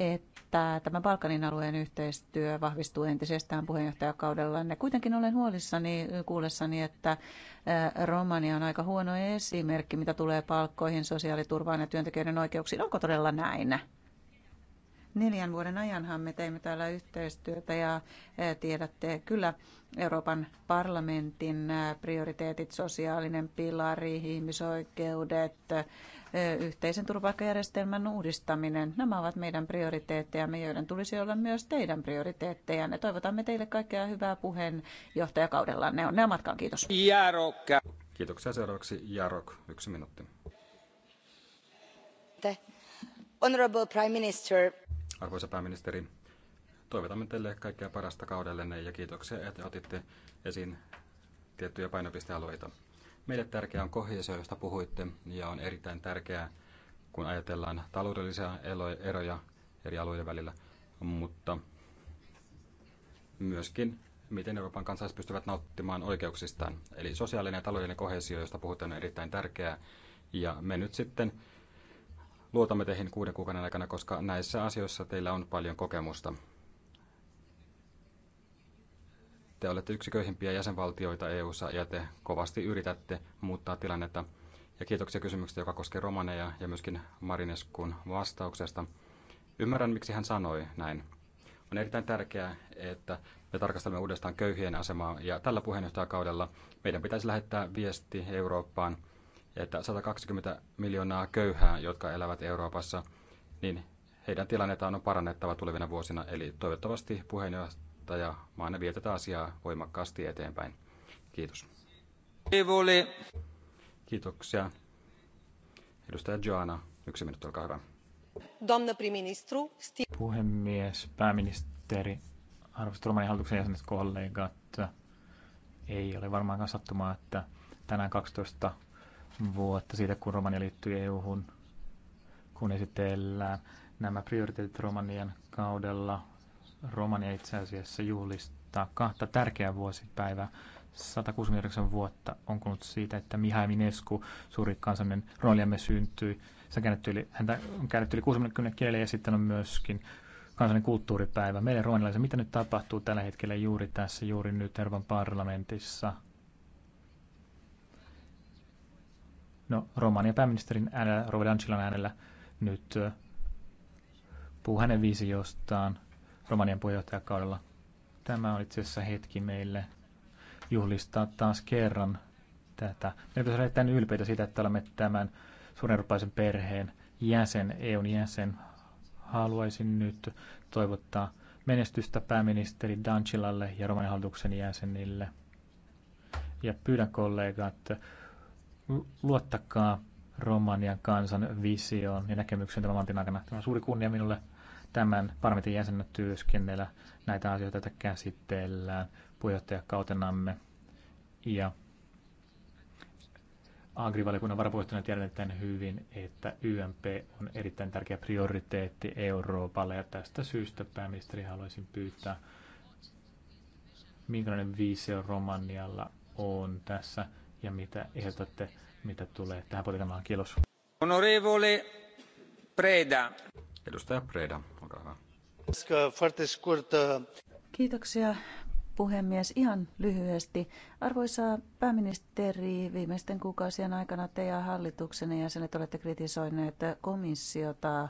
että tämä Balkanin alueen yhteistyö vahvistuu entisestään puheenjohtajakaudella, ne Kuitenkin olen huolissani kuullessani, että Romania on aika huono esimerkki, mitä tulee palkkoihin, sosiaaliturvaan ja työntekijöiden oikeuksiin. Onko todella näin? Neljän vuoden ajanhan me teimme täällä yhteistyötä ja tiedätte kyllä Euroopan parlamentin prioriteetit, sosiaalinen pilari, ihmisoikeudet, Eh, yhteisen turvapaikkajärjestelmän uudistaminen. Nämä ovat meidän prioriteettejamme, joiden tulisi olla myös teidän prioriteetteja, ne Toivotamme teille kaikkea hyvää puheenjohtajakaudellaan. Ne on nämä matkaan. Kiitos. Jarokka. Kiitoksia seuraavaksi Jarok. Yksi minuutti. Honorable Prime Minister. Arvoisa pääministeri, toivotamme teille kaikkea parasta kaudellenne ja kiitoksia, että otitte esiin tiettyjä painopistealueita. Meille tärkeää on kohesio, josta puhuitte, ja on erittäin tärkeää, kun ajatellaan taloudellisia eroja eri alueiden välillä, mutta myöskin miten Euroopan kansalaiset pystyvät nauttimaan oikeuksistaan. Eli sosiaalinen ja taloudellinen kohesio, josta puhutaan, on erittäin tärkeää. Ja me nyt sitten luotamme teihin kuuden kuukauden aikana, koska näissä asioissa teillä on paljon kokemusta. Te olette yksiköisimpiä jäsenvaltioita EU:ssa ja te kovasti yritätte muuttaa tilannetta. Ja kiitoksia kysymyksestä, joka koskee romaneja ja myöskin Marineskun vastauksesta. Ymmärrän, miksi hän sanoi näin. On erittäin tärkeää, että me tarkastelemme uudestaan köyhien asemaa ja tällä puheenjohtajakaudella meidän pitäisi lähettää viesti Eurooppaan, että 120 miljoonaa köyhää, jotka elävät Euroopassa, niin heidän tilannettaan on parannettava tulevina vuosina. Eli toivottavasti puheenjohtaja ja maana vie tätä asiaa voimakkaasti eteenpäin. Kiitos. Kiitoksia. Edustaja Joana, yksi minuutti, olkaa hyvä. Puhemies, pääministeri, arvoisat Romanin hallituksen jäsenet, kollegat, ei ole varmaankaan sattumaa, että tänään 12 vuotta siitä, kun Romania liittyi EU-hun, kun esitellään nämä prioriteetit Romanian kaudella Romania itse asiassa juhlistaa kahta tärkeää vuosipäivää. 169 vuotta on kulunut siitä, että Mihai Minescu, suuri kansallinen rooliamme, syntyi. yli, häntä on käännetty yli 60 kielellä ja sitten on myöskin kansallinen kulttuuripäivä. Meille romanilaisille, mitä nyt tapahtuu tällä hetkellä juuri tässä, juuri nyt Euroopan parlamentissa? No, Romanian pääministerin äänellä, Rovedancilan äänellä nyt eh, puhuu hänen visiostaan – Romanian puheenjohtajakaudella. Tämä on itse asiassa hetki meille juhlistaa taas kerran tätä. Meidän pitäisi olla erittäin ylpeitä siitä, että olemme tämän suuren perheen jäsen, EUn jäsen. Haluaisin nyt toivottaa menestystä pääministeri Dancilalle ja Romanian hallituksen jäsenille. Ja pyydän kollegat, luottakaa Romanian kansan visioon ja näkemykseen tämän mantin aikana. Tämä on suuri kunnia minulle tämän parlamentin jäsenä työskennellä näitä asioita, joita käsitellään puheenjohtajakautenamme. Ja agrivaliokunnan varapuheenjohtajana tiedetään hyvin, että YMP on erittäin tärkeä prioriteetti Euroopalle ja tästä syystä pääministeri haluaisin pyytää, minkälainen visio Romanialla on tässä ja mitä ehdotatte, mitä tulee tähän politiikan kiitos. Onorevole Preda. Edustaja Preda, olkaa hyvä. Uh, Kiitoksia puhemies. Ihan lyhyesti. Arvoisa pääministeri, viimeisten kuukausien aikana te ja hallituksenne jäsenet olette kritisoineet komissiota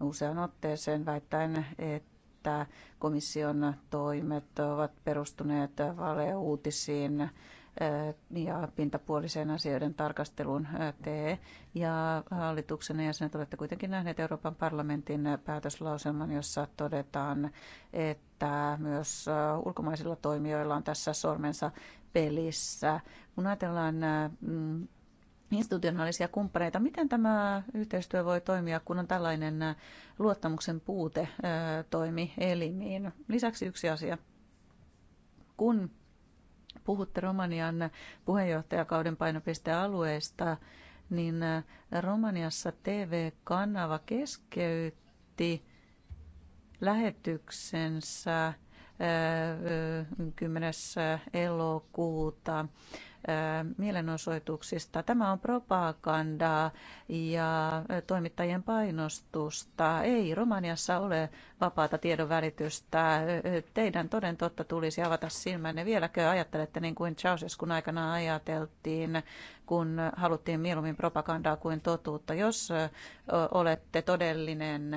usean otteeseen väittäen, että komission toimet ovat perustuneet valeuutisiin ja pintapuoliseen asioiden tarkasteluun tee. Ja hallituksen jäsenet olette kuitenkin nähneet Euroopan parlamentin päätöslauselman, jossa todetaan, että myös ulkomaisilla toimijoilla on tässä sormensa pelissä. Kun ajatellaan mm, institutionaalisia kumppaneita. Miten tämä yhteistyö voi toimia, kun on tällainen luottamuksen puute toimi elimiin? Lisäksi yksi asia. Kun puhutte Romanian puheenjohtajakauden painopistealueesta, niin äh, Romaniassa TV-kanava keskeytti lähetyksensä 10. Äh, elokuuta mielenosoituksista. Tämä on propagandaa ja toimittajien painostusta. Ei Romaniassa ole vapaata tiedonvälitystä. Teidän toden totta tulisi avata silmänne. Vieläkö ajattelette niin kuin Ceausescun aikana ajateltiin, kun haluttiin mieluummin propagandaa kuin totuutta? Jos olette todellinen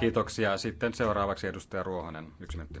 Kiitoksia. Sitten seuraavaksi edustaja Ruohonen. Yksi minuutti.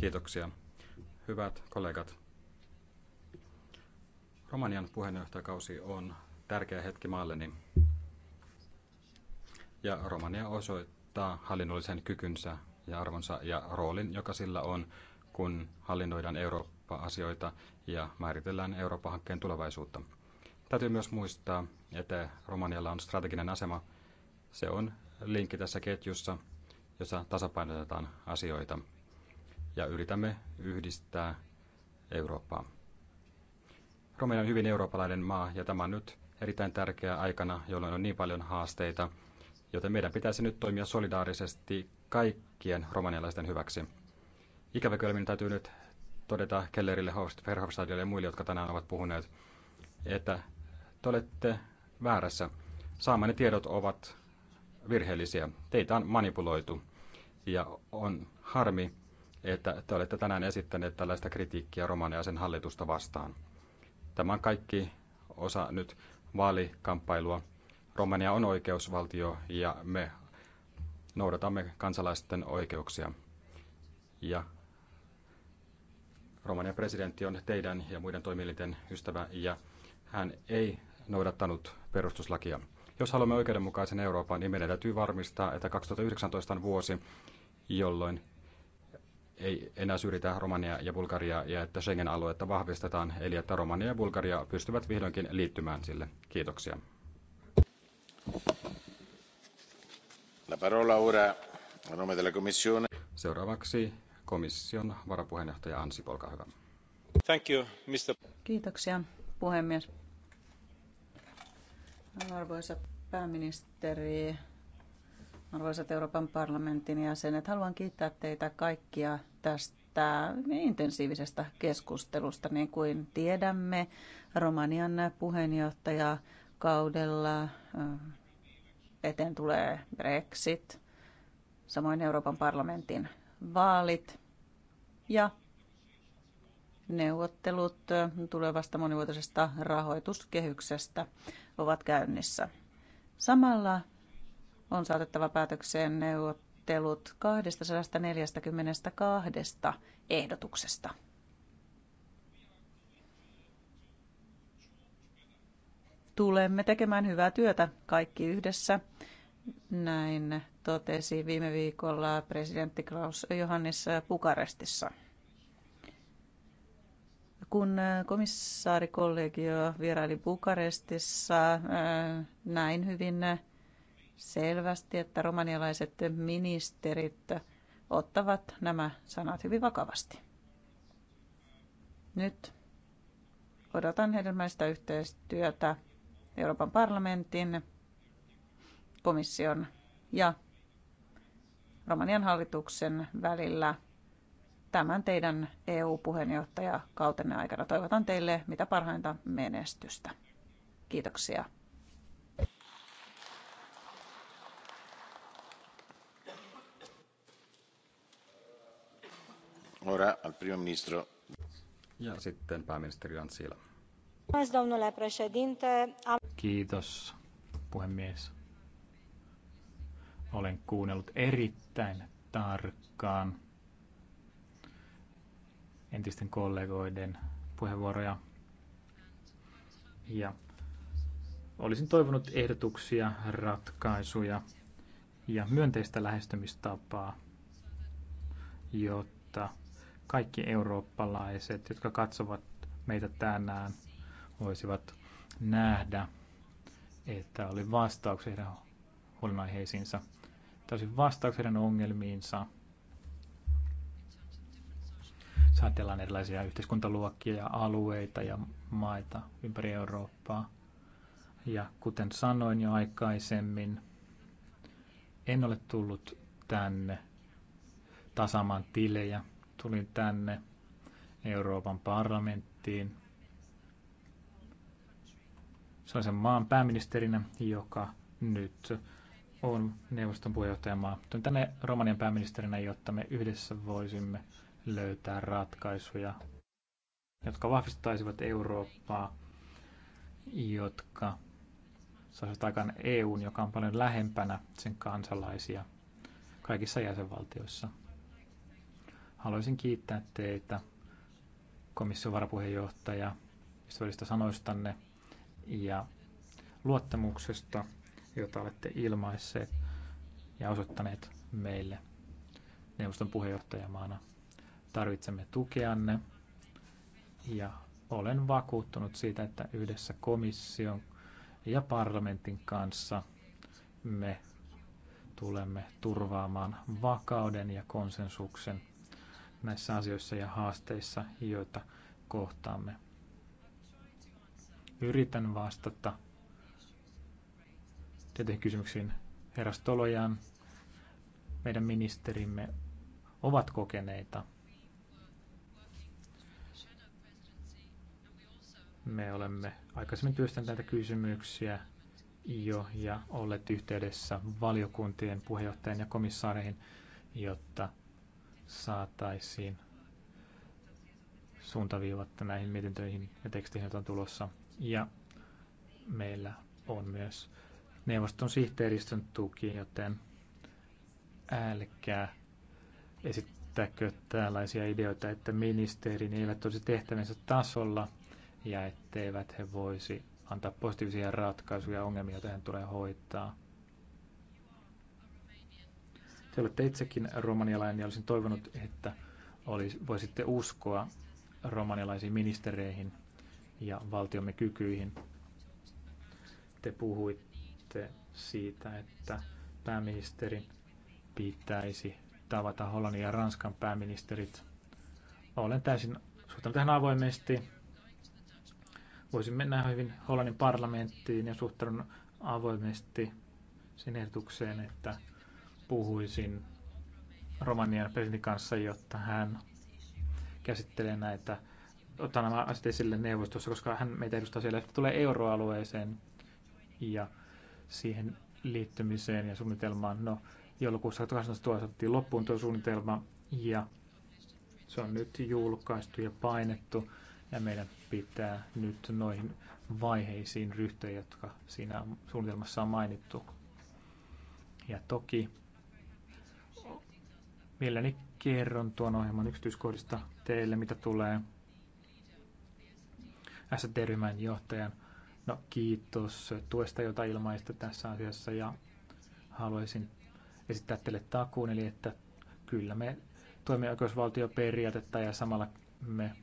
Kiitoksia. Hyvät kollegat. Romanian puheenjohtajakausi on tärkeä hetki maalleni. Ja Romania osoittaa hallinnollisen kykynsä ja arvonsa ja roolin, joka sillä on, kun hallinnoidaan Eurooppa-asioita ja määritellään Eurooppa-hankkeen tulevaisuutta. Täytyy myös muistaa, että Romanialla on strateginen asema. Se on linkki tässä ketjussa – jossa tasapainotetaan asioita ja yritämme yhdistää Eurooppaa. Romania on hyvin eurooppalainen maa ja tämä on nyt erittäin tärkeä aikana, jolloin on niin paljon haasteita, joten meidän pitäisi nyt toimia solidaarisesti kaikkien romanialaisten hyväksi. Ikävä kyllä minun täytyy nyt todeta Kellerille, Verhofstadille ja muille, jotka tänään ovat puhuneet, että te olette väärässä. Saamani tiedot ovat virheellisiä. Teitä on manipuloitu. Ja on harmi, että te olette tänään esittäneet tällaista kritiikkiä Romania sen hallitusta vastaan. Tämä on kaikki osa nyt vaalikamppailua. Romania on oikeusvaltio ja me noudatamme kansalaisten oikeuksia. Ja Romanian presidentti on teidän ja muiden toimielinten ystävä ja hän ei noudattanut perustuslakia. Jos haluamme oikeudenmukaisen Euroopan, niin meidän täytyy varmistaa, että 2019 vuosi, jolloin ei enää syrjitä Romania ja Bulgaria ja että Schengen-aluetta vahvistetaan, eli että Romania ja Bulgaria pystyvät vihdoinkin liittymään sille. Kiitoksia. La parola ora a nome della Commissione. Seuraavaksi komission varapuheenjohtaja Ansi, olkaa hyvä. Thank you, Mr. Kiitoksia, puhemies. Arvoisa pääministeri, arvoisat Euroopan parlamentin jäsenet. Haluan kiittää teitä kaikkia tästä intensiivisestä keskustelusta. Niin kuin tiedämme, Romanian puheenjohtajakaudella eh, eteen tulee Brexit, samoin Euroopan parlamentin vaalit ja neuvottelut eh, tulevasta monivuotisesta rahoituskehyksestä ovat käynnissä. Samalla on saatettava päätökseen neuvottelut 242 ehdotuksesta. Tulemme tekemään hyvää työtä kaikki yhdessä. Näin totesi viime viikolla presidentti Klaus Johannes Bukarestissa. Kun komissaarikollegio vieraili Bukarestissa, äh, näin hyvin selvästi, että romanialaiset ministerit ottavat nämä sanat hyvin vakavasti. Nyt odotan hedelmäistä yhteistyötä Euroopan parlamentin, komission ja Romanian hallituksen välillä tämän teidän EU-puheenjohtajakautenne aikana. Toivotan teille mitä parhainta menestystä. Kiitoksia. Ja sitten pääministeri Antsila. Kiitos, puhemies. Olen kuunnellut erittäin tarkkaan entisten kollegoiden puheenvuoroja. Ja olisin toivonut ehdotuksia, ratkaisuja ja myönteistä lähestymistapaa, jotta kaikki eurooppalaiset, jotka katsovat meitä tänään, voisivat nähdä, että oli vastauksia heidän huolenaiheisiinsa, täysin vastauksia heidän ongelmiinsa. Saatellaan erilaisia yhteiskuntaluokkia ja alueita ja maita ympäri Eurooppaa. Ja kuten sanoin jo aikaisemmin, en ole tullut tänne tasaamaan tilejä tulin tänne Euroopan parlamenttiin sellaisen maan pääministerinä, joka nyt on neuvoston puheenjohtajamaa. Tulin tänne Romanian pääministerinä, jotta me yhdessä voisimme löytää ratkaisuja, jotka vahvistaisivat Eurooppaa, jotka saisivat aikaan EUn, joka on paljon lähempänä sen kansalaisia kaikissa jäsenvaltioissa – Haluaisin kiittää teitä, komission varapuheenjohtaja, ystävällisistä sanoistanne ja luottamuksesta, jota olette ilmaisseet ja osoittaneet meille neuvoston puheenjohtajamaana. Tarvitsemme tukeanne ja olen vakuuttunut siitä, että yhdessä komission ja parlamentin kanssa me tulemme turvaamaan vakauden ja konsensuksen näissä asioissa ja haasteissa, joita kohtaamme. Yritän vastata tietenkin kysymyksiin. herrastolojaan. meidän ministerimme ovat kokeneita. Me olemme aikaisemmin työstäneet näitä kysymyksiä jo ja olleet yhteydessä valiokuntien puheenjohtajien ja komissaareihin, jotta saataisiin suuntaviivat näihin mietintöihin ja teksteihin, joita on tulossa. Ja meillä on myös neuvoston sihteeristön tuki, joten älkää esittäkö tällaisia ideoita, että ministerin eivät olisi tehtävänsä tasolla ja etteivät he voisi antaa positiivisia ratkaisuja ongelmia, joita hän tulee hoitaa. Te olette itsekin romanialainen ja olisin toivonut, että olisi, voisitte uskoa romanialaisiin ministereihin ja valtiomme kykyihin. Te puhuitte siitä, että pääministeri pitäisi tavata Hollannin ja Ranskan pääministerit. Olen täysin suhtautunut tähän avoimesti. Voisin mennä hyvin Hollannin parlamenttiin ja suhtaudun avoimesti sen ehdotukseen, että puhuisin Romanian presidentin kanssa, jotta hän käsittelee näitä, ottaa nämä asiat esille neuvostossa, koska hän meitä edustaa siellä, että tulee euroalueeseen ja siihen liittymiseen ja suunnitelmaan. No, joulukuussa 2018 saatiin loppuun tuo suunnitelma ja se on nyt julkaistu ja painettu ja meidän pitää nyt noihin vaiheisiin ryhtyä, jotka siinä suunnitelmassa on mainittu. Ja toki Mielelläni kerron tuon ohjelman yksityiskohdista teille, mitä tulee sd ryhmän johtajan. No kiitos tuesta, jota ilmaista tässä asiassa ja haluaisin esittää teille takuun, eli että kyllä me toimii oikeusvaltioperiaatetta ja samalla me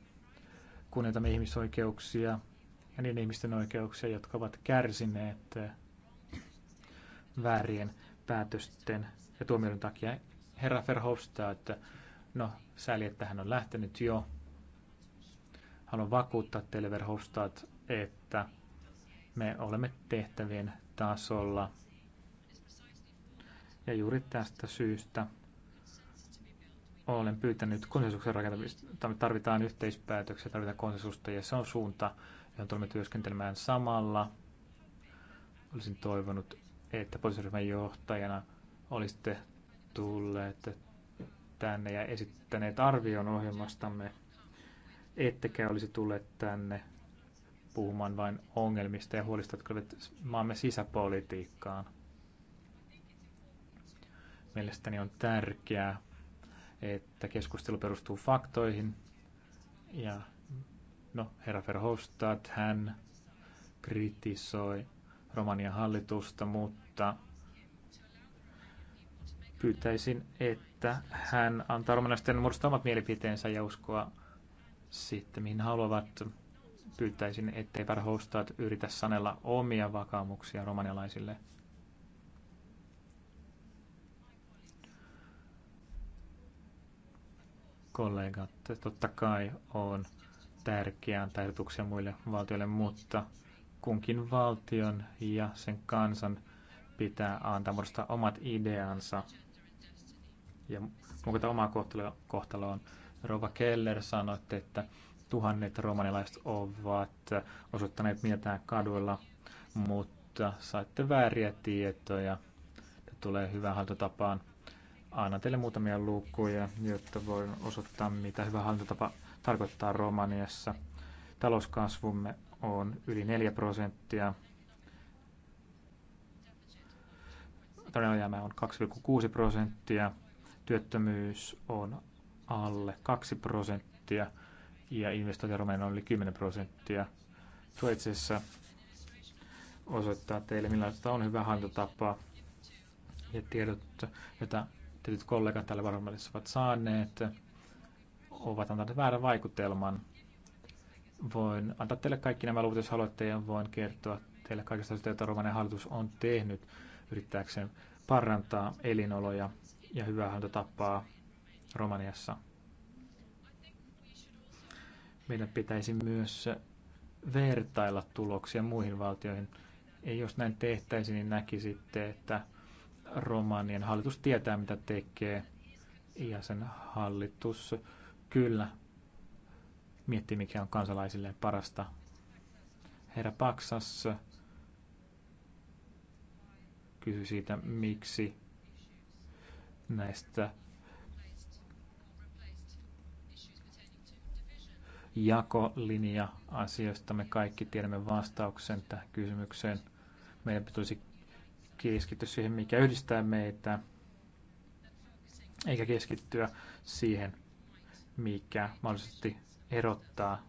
kunnioitamme ihmisoikeuksia ja niiden ihmisten oikeuksia, jotka ovat kärsineet väärien päätösten ja tuomioiden takia herra Verhofstadt, no sääli, että hän on lähtenyt jo. Haluan vakuuttaa teille Verhofstadt, että me olemme tehtävien tasolla. Ja juuri tästä syystä olen pyytänyt konsensuksen rakentamista. Tarvitaan yhteispäätöksiä, tarvitaan konsensusta ja se on suunta, johon tulemme työskentelemään samalla. Olisin toivonut, että poliisiryhmän johtajana olisitte tulleet tänne ja esittäneet arvion ohjelmastamme, ettekä olisi tulleet tänne puhumaan vain ongelmista ja huolista, jotka olivat maamme sisäpolitiikkaan. Mielestäni on tärkeää, että keskustelu perustuu faktoihin. Ja no, herra Verhofstadt, hän kritisoi Romanian hallitusta, mutta Pyytäisin, että hän antaa romanaisten muodostaa omat mielipiteensä ja uskoa sitten, mihin haluavat. Pyytäisin, ettei Verhofstadt yritä sanella omia vakaumuksia romanialaisille. kollegat. Totta kai on tärkeää antaa ehdotuksia muille valtioille, mutta kunkin valtion ja sen kansan pitää antaa muodostaa omat ideansa ja mukata omaa kohtalo kohtaloon. Rova Keller sanoitte, että tuhannet romanilaiset ovat osoittaneet mieltään kaduilla, mutta saitte vääriä tietoja. Tämä tulee hyvän hallintotapaan. anna teille muutamia lukuja, jotta voin osoittaa, mitä hyvä hallintotapa tarkoittaa Romaniassa. Talouskasvumme on yli 4 prosenttia. Todennäköjäämä on 2,6 prosenttia työttömyys on alle 2 prosenttia ja investointiarmeija on yli 10 prosenttia. Tuo itse asiassa osoittaa teille, millaista on hyvä hallintotapa ja tiedot, joita tietyt kollegat täällä varmasti ovat saaneet, ovat antaneet väärän vaikutelman. Voin antaa teille kaikki nämä luvut, jos haluatte, ja voin kertoa teille kaikista asioista, joita Romanian hallitus on tehnyt yrittääkseen parantaa elinoloja ja hyvää häntä tappaa Romaniassa. Meidän pitäisi myös vertailla tuloksia muihin valtioihin. Ei jos näin tehtäisiin, niin näkisitte, että Romanien hallitus tietää, mitä tekee, ja sen hallitus kyllä miettii, mikä on kansalaisille parasta. Herra Paksas kysyi siitä, miksi näistä jakolinja-asioista. Me kaikki tiedämme vastauksen tähän kysymykseen. Meidän pitäisi keskittyä siihen, mikä yhdistää meitä, eikä keskittyä siihen, mikä mahdollisesti erottaa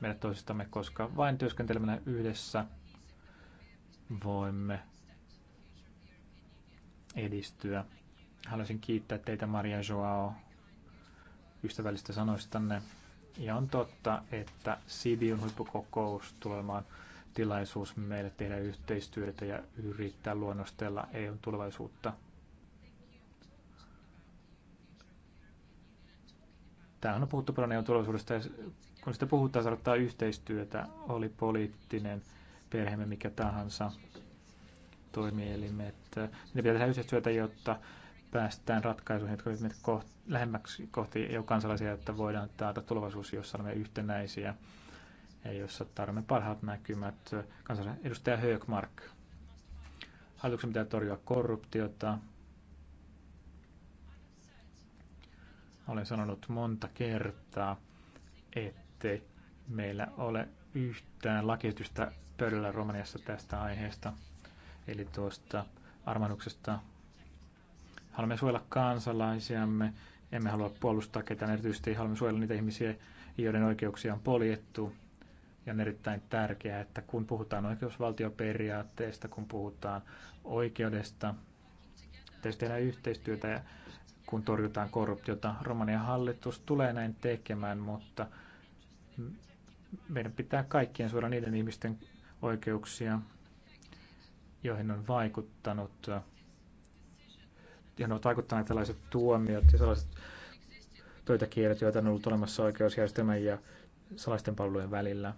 meidät toisistamme, koska vain työskentelemällä yhdessä voimme edistyä Haluaisin kiittää teitä Maria Joao ystävällistä sanoistanne. Ja on totta, että Sibiun huippukokous olemaan tilaisuus meille tehdä yhteistyötä ja yrittää luonnostella EUn tulevaisuutta. Täällä on puhuttu paljon EUn tulevaisuudesta ja kun sitä puhutaan, se yhteistyötä, oli poliittinen perheemme mikä tahansa toimielimet. Ne pitää tehdä yhteistyötä, jotta päästään ratkaisuihin, jotka ovat lähemmäksi kohti jo kansalaisia että voidaan taata tulevaisuus, jossa olemme yhtenäisiä ja jossa tarvitsemme parhaat näkymät. Kansalaisen edustaja Höökmark. Hallituksen pitää torjua korruptiota. Olen sanonut monta kertaa, ettei meillä ole yhtään lakiesitystä pöydällä Romaniassa tästä aiheesta, eli tuosta armannuksesta Haluamme suojella kansalaisiamme, emme halua puolustaa ketään, erityisesti haluamme suojella niitä ihmisiä, joiden oikeuksia on poljettu. Ja on erittäin tärkeää, että kun puhutaan oikeusvaltioperiaatteesta, kun puhutaan oikeudesta, tietysti tehdään yhteistyötä ja kun torjutaan korruptiota. Romanian hallitus tulee näin tekemään, mutta meidän pitää kaikkien suoraan niiden ihmisten oikeuksia, joihin on vaikuttanut ne ovat vaikuttaneet tällaiset tuomiot ja sellaiset pöytäkielet, joita on ollut olemassa oikeusjärjestelmän ja salaisten palvelujen välillä.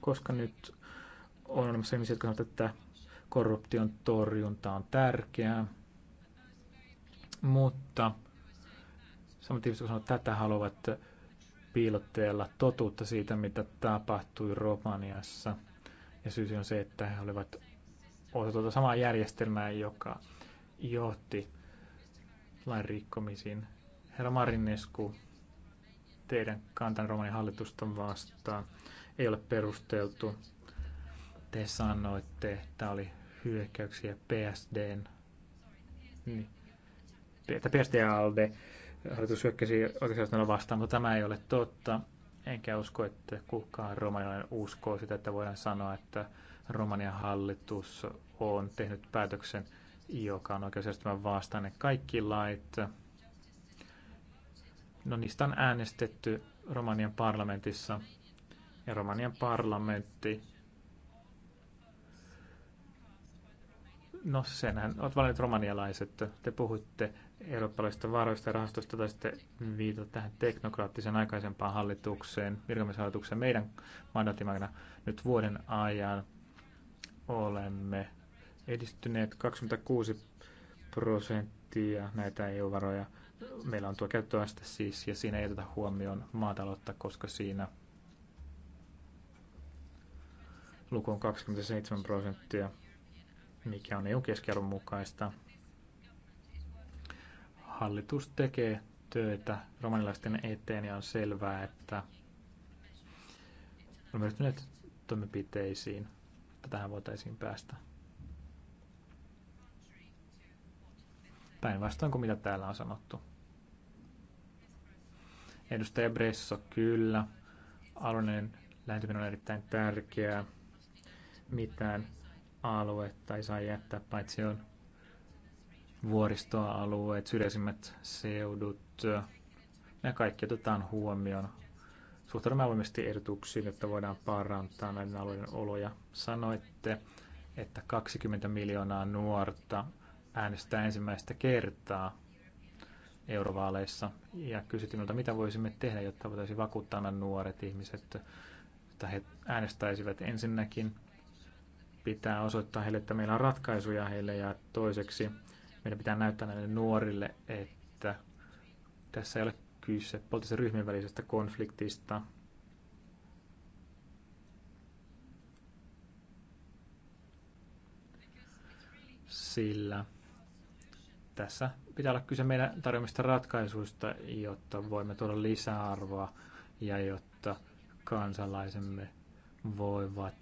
Koska nyt on olemassa ihmisiä, jotka sanovat, että korruption torjunta on tärkeää, mutta samat ihmiset, jotka sanovat, että tätä haluavat piilotteella totuutta siitä, mitä tapahtui Romaniassa. Ja syy on se, että he olivat osa tuota samaa järjestelmää, joka johti lain rikkomisiin. Herra Marinescu, teidän kantan romanin hallitusta vastaan ei ole perusteltu. Te sanoitte, että oli hyökkäyksiä PSDn, niin, että PSD-ALDE hallitus hyökkäsi oikeastaan vastaan, mutta tämä ei ole totta enkä usko, että kukaan romanilainen uskoo sitä, että voidaan sanoa, että Romanian hallitus on tehnyt päätöksen, joka on oikeusjärjestelmän vastainen. Kaikki lait, no niistä on äänestetty Romanian parlamentissa. Ja Romanian parlamentti, no senhän, olet valinnut romanialaiset, te puhutte eurooppalaisista varoista ja rahastosta tai sitten viitata tähän teknokraattiseen aikaisempaan hallitukseen, virkamieshallitukseen meidän mandaattimaina nyt vuoden ajan olemme edistyneet 26 prosenttia näitä EU-varoja. Meillä on tuo käyttöaste siis, ja siinä ei oteta huomioon maataloutta, koska siinä luku on 27 prosenttia, mikä on EU-keskiarvon mukaista. Hallitus tekee töitä romanilaisten eteen ja on selvää, että on ryhtyneet toimenpiteisiin tähän voitaisiin päästä. Päinvastoin kuin mitä täällä on sanottu. Edustaja Bresso, kyllä. Alueellinen lähentyminen on erittäin tärkeää. Mitään aluetta ei saa jättää, paitsi on vuoristoalueet, syrjäisimmät seudut. Ne kaikki otetaan huomioon suhtaudumme avoimesti ehdotuksiin, jotta voidaan parantaa näiden alueiden oloja. Sanoitte, että 20 miljoonaa nuorta äänestää ensimmäistä kertaa eurovaaleissa ja kysyttiin minulta, mitä voisimme tehdä, jotta voitaisiin vakuuttaa nämä nuoret ihmiset, että he äänestäisivät ensinnäkin. Pitää osoittaa heille, että meillä on ratkaisuja heille ja toiseksi meidän pitää näyttää näille nuorille, että tässä ei ole kyse poliittisen ryhmien välisestä konfliktista. Sillä tässä pitää olla kyse meidän tarjoamista ratkaisuista, jotta voimme tuoda lisäarvoa ja jotta kansalaisemme voivat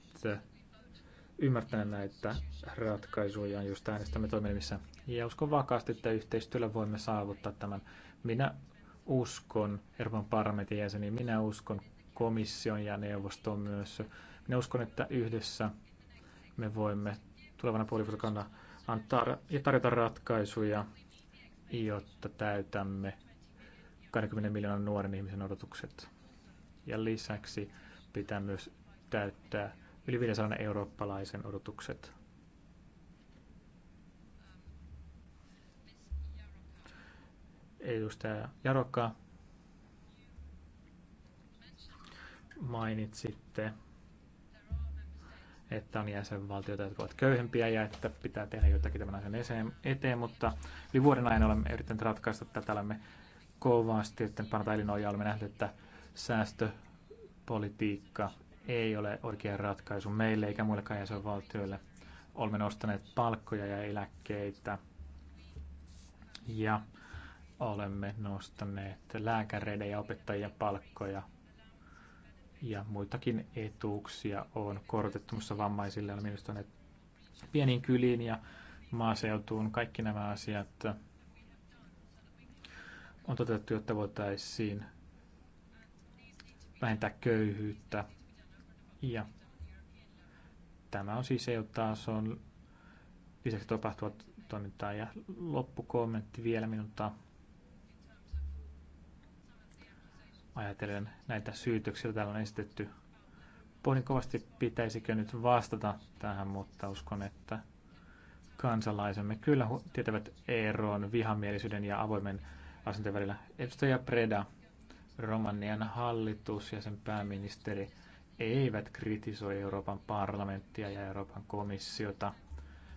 ymmärtää näitä ratkaisuja, just äänestämme toimimissa. Ja uskon vakaasti, että yhteistyöllä voimme saavuttaa tämän. Minä uskon Euroopan parlamentin jäseniä, minä uskon komission ja neuvostoon myös. Minä uskon, että yhdessä me voimme tulevana puolivuosikana antaa ja tarjota ratkaisuja, jotta täytämme 20 miljoonan nuoren ihmisen odotukset. Ja lisäksi pitää myös täyttää yli 500 eurooppalaisen odotukset. Edustaja Jarokka, mainitsitte, että on jäsenvaltioita, jotka ovat köyhempiä ja että pitää tehdä jotakin tämän asian eteen, mutta yli vuoden ajan olemme yrittäneet ratkaista tätä, olemme kovasti yrittäneet panna elinoja, olemme nähneet, että säästöpolitiikka ei ole oikea ratkaisu meille eikä muillekaan jäsenvaltioille. Olemme nostaneet palkkoja ja eläkkeitä ja olemme nostaneet lääkäreiden ja opettajien palkkoja ja muitakin etuuksia on korotettu vammaisille. on investoineet pieniin kyliin ja maaseutuun. Kaikki nämä asiat on toteutettu, jotta voitaisiin vähentää köyhyyttä. Ja tämä on siis EU-tason lisäksi tapahtuvat toimintaa. Ja loppukommentti vielä minulta. ajatellen näitä syytöksiä, täällä on esitetty. Pohdin kovasti, pitäisikö nyt vastata tähän, mutta uskon, että kansalaisemme kyllä tietävät eroon vihamielisyyden ja avoimen asenteen välillä. Edustaja Preda, Romanian hallitus ja sen pääministeri eivät kritisoi Euroopan parlamenttia ja Euroopan komissiota –